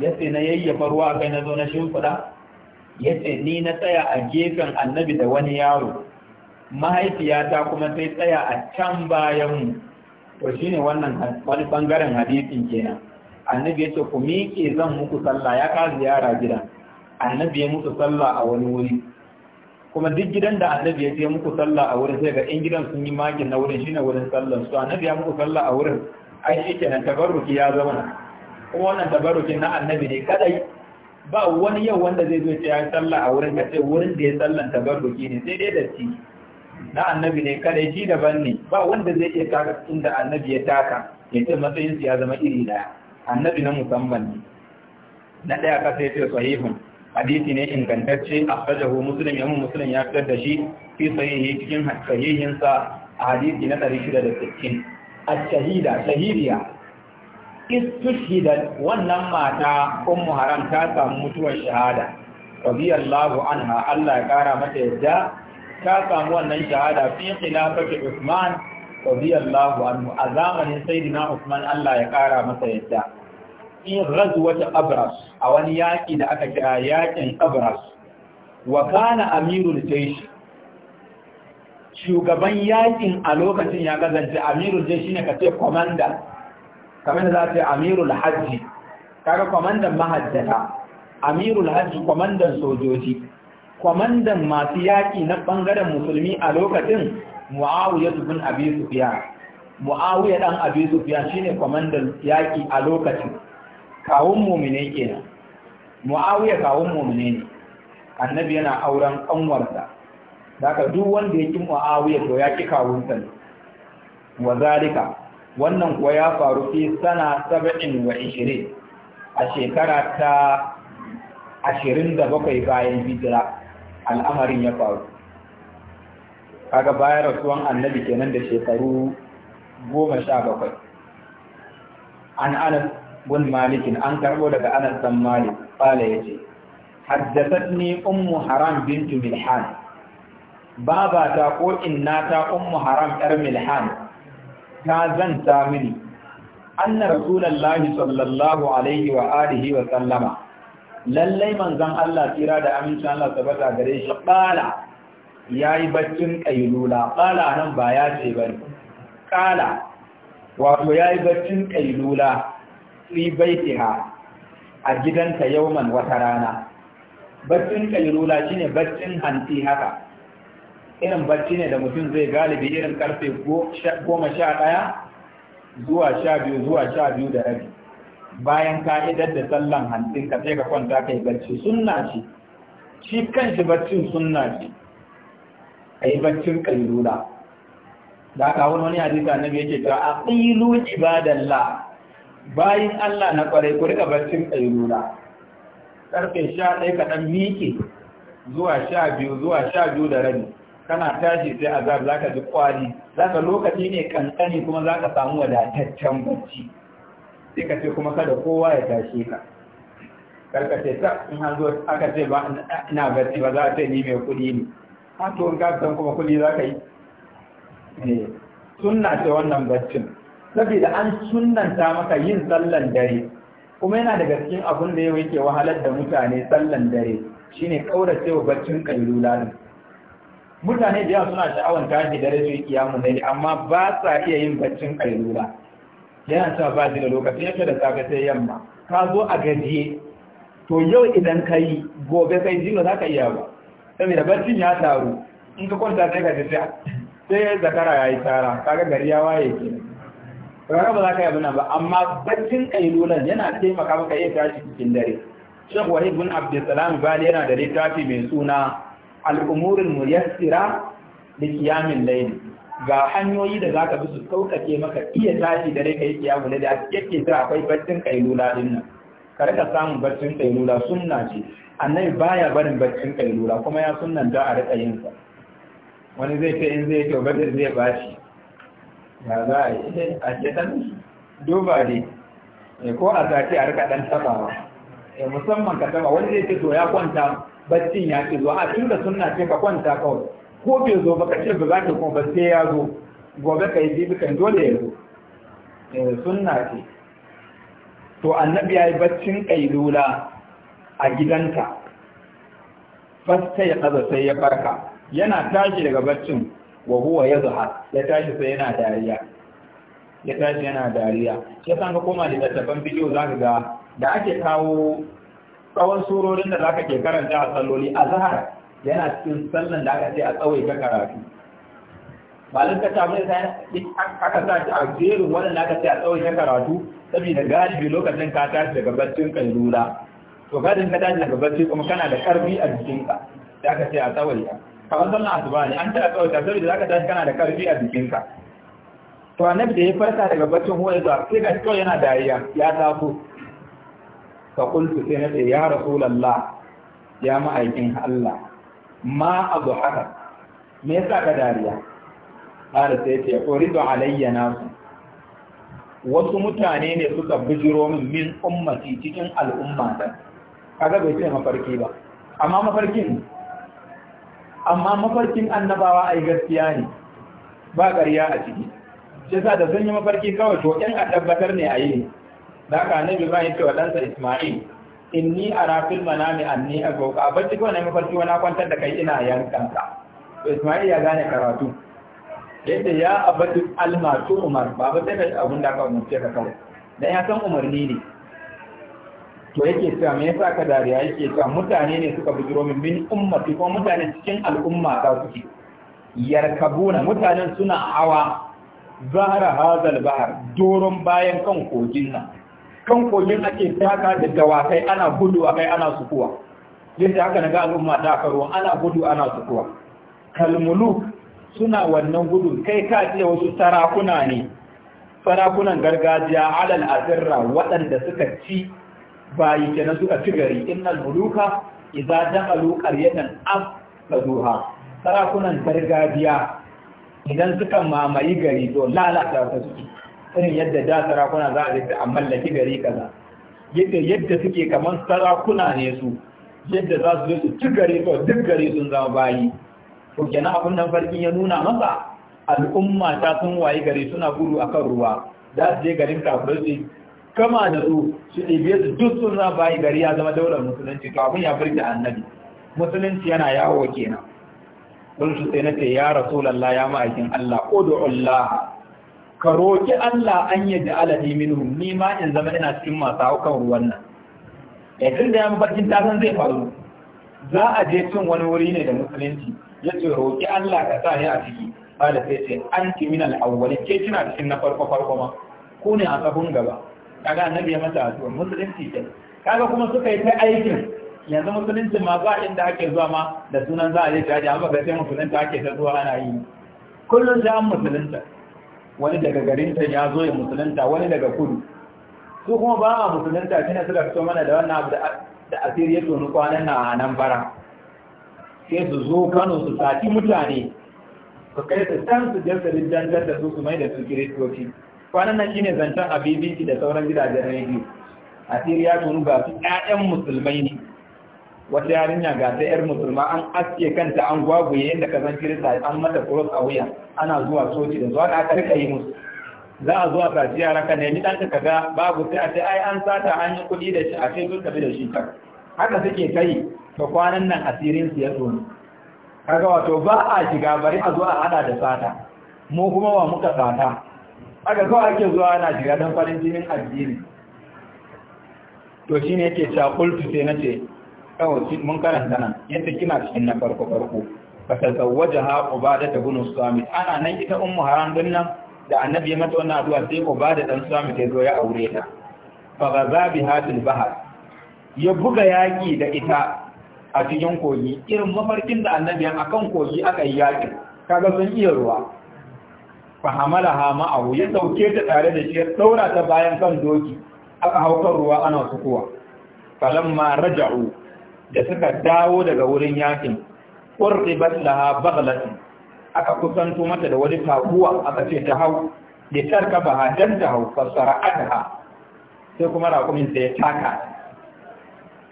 Speaker 1: yace na yayyafa ruwa kai na zo na shimfiɗa yace ni na tsaya a gefen annabi da wani yaro mahaifiyata kuma sai tsaya a can bayanmu to shine wannan wani bangaren hadisin kenan annabi yace ku miƙe zan muku sallah ya ka ziyara gidan annabi ya muku sallah a wani wuri kuma duk gidan da annabi ya je muku sallah a wurin sai ga in gidan sun yi makin na wurin shine wurin sallan su annabi ya muku sallah a wurin ai kenan tabarruki ya zama kuma wannan tabarukin na annabi ne kadai ba wani yau wanda zai zo ce ya sallah a wurin kace wurin da ya sallan tabaruki ne sai dai datti na annabi ne kadai ji daban ne ba wanda zai iya taka inda annabi ya taka ya ce matsayin ya zama iri daya annabi na musamman ne na daya ka sai ce sahihun hadisi ne ingantacce akhrajahu muslim yamu muslim ya fitar da shi fi sahihi cikin sahihinsa a hadisi na 660 a shahida shahidiya
Speaker 2: istushhidat
Speaker 1: wannan mata ummu haram ta samu mutuwar shahada radiyallahu anha Allah ya kara mata yadda ta samu wannan shahada fi khilafati Usman radiyallahu anhu a zamanin sayyidina Usman Allah ya kara masa yadda in ghazwat Abras a wani yaki da aka kira yakin Abras wa kana amirul jaysh shugaban yakin a lokacin ya gazanta amirul jaysh shine kace commander kamar da za ta yi amirul hajji kaga kwamandan mahajjata amirul hajji kwamandan sojoji kwamandan masu yaƙi na ɓangaren musulmi a lokacin mu'awiyar bin abi sufiya mu'awiyar ɗan abi sufiya shine kwamandan yaƙi a lokacin kawun mumine kenan mu'awiyar kawun mumine ne annabi yana auren ƙanwarsa da duk wanda ya ƙi mu'awiyar to ya ƙi kawunsa ne wa zalika wannan kuwa ya faru fi sana saba'in wa ishirin a shekara ta ashirin da bakwai bayan hijira al'amarin ya faru kaga bayan rasuwan annabi kenan da shekaru goma sha bakwai an anas bin malikin an karbo daga anas dan malik kala ya ce haddathatni ummu haram bintu milhan Babata ko inna ta ummu haram yar milhan ta zanta mini anna rasulullahi sallallahu alaihi wa alihi wa sallama lallai manzan Allah tsira da amincin Allah tabbata gare shi qala yayi baccin kailula qala nan ba ya ce bane qala wato yayi baccin kailula fi baitiha a gidanta yauman wata rana baccin kailula shine baccin hanti haka irin bacci ne da mutum zai galibi irin karfe goma sha ɗaya zuwa sha biyu zuwa sha biyu da rabi bayan ka da sallan hantsin ka sai ka kwanta kai bacci sunna ce shi shi baccin sunna ce a yi baccin kailula da aka wani wani na annabi yake cewa a qilu la. bayin Allah na ƙwarai ku rika baccin kailula karfe sha ɗaya ka ɗan miƙe zuwa sha biyu zuwa sha biyu da rabi kana tashi sai azab za ka ji kwari za ka lokaci ne kankani kuma za ka samu wadataccen bacci sai ka ce kuma kada kowa ya tashi ka karka ce ta in an zo aka ce ba ina bacci ba za a ce ni mai kuɗi ne ha ah, to in ka kuma kuɗi za ka yi eh, sunna ce wannan baccin saboda an sunnanta maka yin sallan dare kuma yana daga cikin abin da yau yake wahalar da mutane sallan dare shine kaurace wa baccin kailula ne. mutane da yawa suna sha'awar tashi da rashin kiyamun dare amma ba sa iya yin baccin kailula yana sa ba da lokaci yake da safe sai yamma ka zo a gajiye to yau idan ka yi gobe kai jino za ka iya ba saboda baccin ya taru in ka kwanta sai ka ji sai zakara ya yi tara kaga gari ya waye ke kaga ba za ka yi abin ba amma baccin kailulan yana taimaka maka iya tashi cikin dare shekwa ibn abdulsalam bali yana da littafi mai suna al'umurin muyassira da kiyamin laili ga hanyoyi da zaka bi su sauƙaƙe maka iya tashi dare kai kiyamu da yake da akwai baccin kailula din nan ka rika samun baccin kailula sunna ce annabi baya barin baccin kailula kuma ya da a rika yin sa wani zai ce in zai to badar zai bashi ya za a yi eh, a ce dan duba ne eh, ko a zaki a rika dan tabawa eh, musamman ka taba wani zai ce to ya kwanta baccin ya ce zuwa a da suna ce ka kwanta kawai ko bai zo ba ka ce ba za ka kuma ba sai ya zo gobe ka yi jibi kan dole ya zo eh, suna ce to annabi ya yi baccin lula a gidanta fasta ya kaza sai ya farka yana tashi daga baccin wa huwa ya zuha ya tashi sai yana dariya ya tashi yana dariya ya san ka koma da tattafan bidiyo za ka ga da ake kawo tsawon surorin da zaka ke karanta a salloli zahar yana cikin sallan da aka ce a tsawai ka karatu malin ka da yasa aka sa shi a jerin waɗanda aka ce a tsawai ka karatu saboda galibi lokacin ka tashi daga baccin lura to gadin ka tashi daga bacci kuma kana da karfi a jikinka da aka ce a tsawai ka kamar sallan asuba ne an a tsawai ka saboda zaka tashi kana da karfi a jikinka to annabi da ya farka daga baccin huwa ya zuwa sai ga kawai yana dariya ya tafi fa qultu sai na ce ya rasulullah ya ma'aikin Allah ma abu haka me yasa ka dariya ƙara sai ce uridu alayya nasu wasu mutane ne suka bijiro min min ummati cikin al'umma ta kaga bai ce mafarki ba amma mafarkin amma mafarkin annabawa ai gaskiya ne ba ƙarya a ciki shi da sun yi mafarki kawai to ɗan a tabbatar ne a yi ne da haka ne bi yake wa ɗansa Isma'il inni ara fil manami anni abuka a bacci ko ne mafarki wani kwantar da kai ina ka to Isma'il ya gane karatu yadda ya abadu almatu umar ba ba sai da abun da ka umarce ka kawai dan ya san umarni ne to yake cewa me yasa ka dariya yake cewa mutane ne suka bujuro min min ummati ko mutane cikin al'umma ta suke yarkabuna mutanen suna hawa zahara hazal bahar doron bayan kan kogin nan kan kogin ake taka da dawakai ana gudu a kai ana sukuwa yadda haka na ga al'umma ta karuwa ana gudu ana sukuwa kalmuluk suna wannan gudu kai ka ce wasu sarakuna ne sarakunan gargajiya alal azirra waɗanda suka ci bayi nan suka ci gari innal muluka idza dakhalu qaryatan afsaduha sarakunan gargajiya idan suka mamayi gari to lalata ta irin yadda da sarakuna za a rika a mallaki gari kaza yadda yadda suke kamar sarakuna ne su yadda za su su ci gari ko duk gari sun zama bayi to kenan abin nan farkin ya nuna masa al'umma ta sun wayi gari suna gudu akan ruwa za su je garin su kama da su su ɗibiye su duk sun zama bayi gari ya zama daular musulunci to abin ya furta annabi musulunci yana yawo kenan kun su sai na ce ya rasulallah ya ma'aikin Allah da Allah ka roƙi Allah an da alali minhum ni ma in zama ina cikin masu haukan ruwan nan ya eh, tun da ya mafarkin ta san zai faru za a je cin wani wuri ne da musulunci ya ce roƙi Allah ka sa ya a ciki bada sai ce an ki min al'awwali ke kina cikin na farko farko ma ku ne a tsakon gaba kaga annabi ya mata addu'a musulunci ke kaga kuma suka yi ta aikin yanzu musulunci ma ba inda ake zuwa ma da sunan za a je jaji amma ga sai musulunci ake ta zuwa ana yi kullum sai an musulunta wani daga garin ta ya zo ya musulunta wani daga kudu su kuma ba a musulunta shi suka fito mana da wannan abu da asiri ya tonu kwanan na a nan bara sai su zo kano su sati mutane su kai su san su jirka rijjantar da su su mai da su kiristoci kwanan nan shine zancen a bbc da sauran gidajen rediyo asiri ya tonu ba su ƴaƴan musulmai ne wata yarinya ga ta yar musulma an aske kanta an gwagwaye inda ka san kirista an mata cross a wuya ana zuwa coci da zuwa da aka rika yi musu za a zuwa sashi yara ka nemi ɗan ka ga babu sai a ce ai an sata an yi kuɗi da shi a ce duk da shi ka haka suke kai ta kwanan nan asirin su ya tsoni kaga wato ba a shiga bari a zo a hada da sata mu kuma wa muka sata aka kawai ake zuwa ana shiga don farin jinin addini to shine yake cakultu sai na ce kawai mun karanta nan yadda kina cikin na farko farko fa tazawwajaha ta bin samit ana nan ita ummu haram din nan da annabi ya mata wannan addu'a sai ubada dan sami ta zo ya aure ta fa gaza biha ya buga yaki da ita a cikin kogi irin mafarkin da annabi akan kogi aka yi yaki kaga sun iya ruwa fa ha ma'ahu ya dauke ta tare da shi ya daura ta bayan kan doki aka haukar ruwa ana sukuwa falamma raja'u da suka dawo daga wurin yakin qurribat laha baghlatin aka kusanto mata da wani taguwa aka ce ta hau da tarka ba dan ta hau fasara'atha sai kuma raƙumin sai ya taka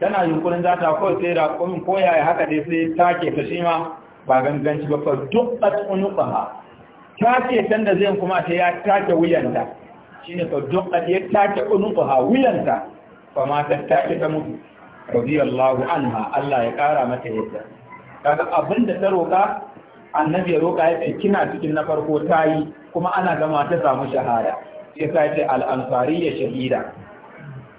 Speaker 1: tana yunkurin za ta kawai sai raƙumin yaya haka dai sai take ta shi ma ba ganganci ba fa duk atsunuka ha take tanda da zai kuma ta ya take wuyanta shine fa duk ya take unuka ha wuyanta fa ma ta take ta mutu radiyallahu anha Allah ya kara mata yadda kaga abinda ta roka annabi ya roka ya kina cikin na farko tayi kuma ana gama ta samu shahada sai ta ce al ya shahida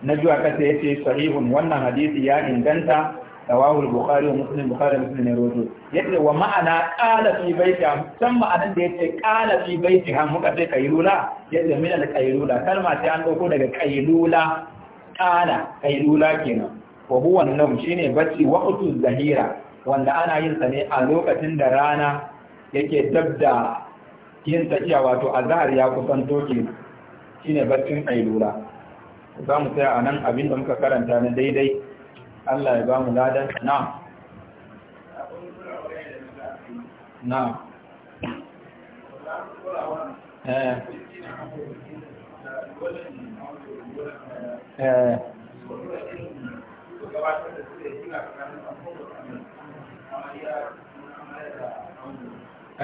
Speaker 1: na juwa kasa yace sahihun wannan hadisi ya inganta rawahu al-bukhari wa muslim bukhari muslim ne rawato yace wa ma'ana qala fi baitiha san ma'anan da yace qala fi baitiha muka sai kayrula yace min al kayrula kalma ta an dauko daga kayrula qala kayrula kenan wa huwa an shine bacci waqtu zahira wanda ana yin sa ne a lokacin da rana yake dabda yin tafiya wato azhar ya kusan toke shine baccin ailura za mu tsaya a nan abin da muka karanta ne daidai Allah ya ba mu ladan na na
Speaker 2: eh eh da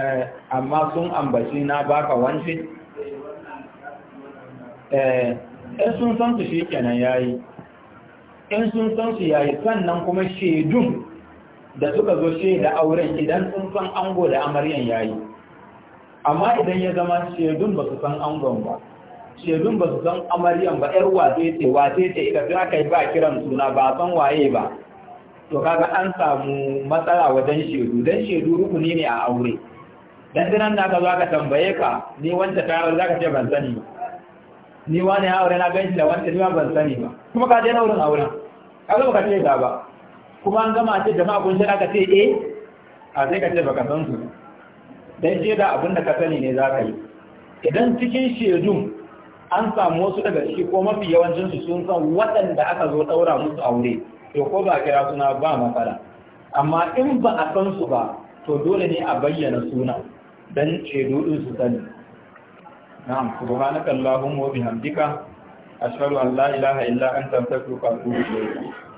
Speaker 1: eh, amma sun ambaci na baka wance eh, in sun san su shi kenan yayi in sun san su yayi sannan kuma shaidun da suka zo shaida auren idan sun san ango da amaryan yayi amma idan ya zama shedun ba su san angon ba shedun ba su san amaryan ba yar wace ce wace ce ita sai aka yi ba kiran suna ba san waye ba to kaga an samu matsala wajen shedu dan shedu rukuni ne a aure don dinan na ka zo ka tambaye ka ni wanda ta aure zaka ce ban sani ba ni wani aure na ganshi da wanda ni ban sani ba kuma ka je na wurin aure Ka zo ka ce ta ba kuma an gama ce jama'a kun shirya ka ce eh a sai ka ce baka san su dan shaida abin da ka sani ne za ka yi idan cikin shedun an samu wasu daga ciki ko mafi yawancin su sun san waɗanda aka zo ɗaura musu aure to ko ba kira suna ba matsala amma in ba a san su ba to dole ne a bayyana suna dan shaidu din su sani na'am subhanakallahumma wa bihamdika ashhadu an la ilaha illa anta
Speaker 2: astaghfiruka wa atubu ilayk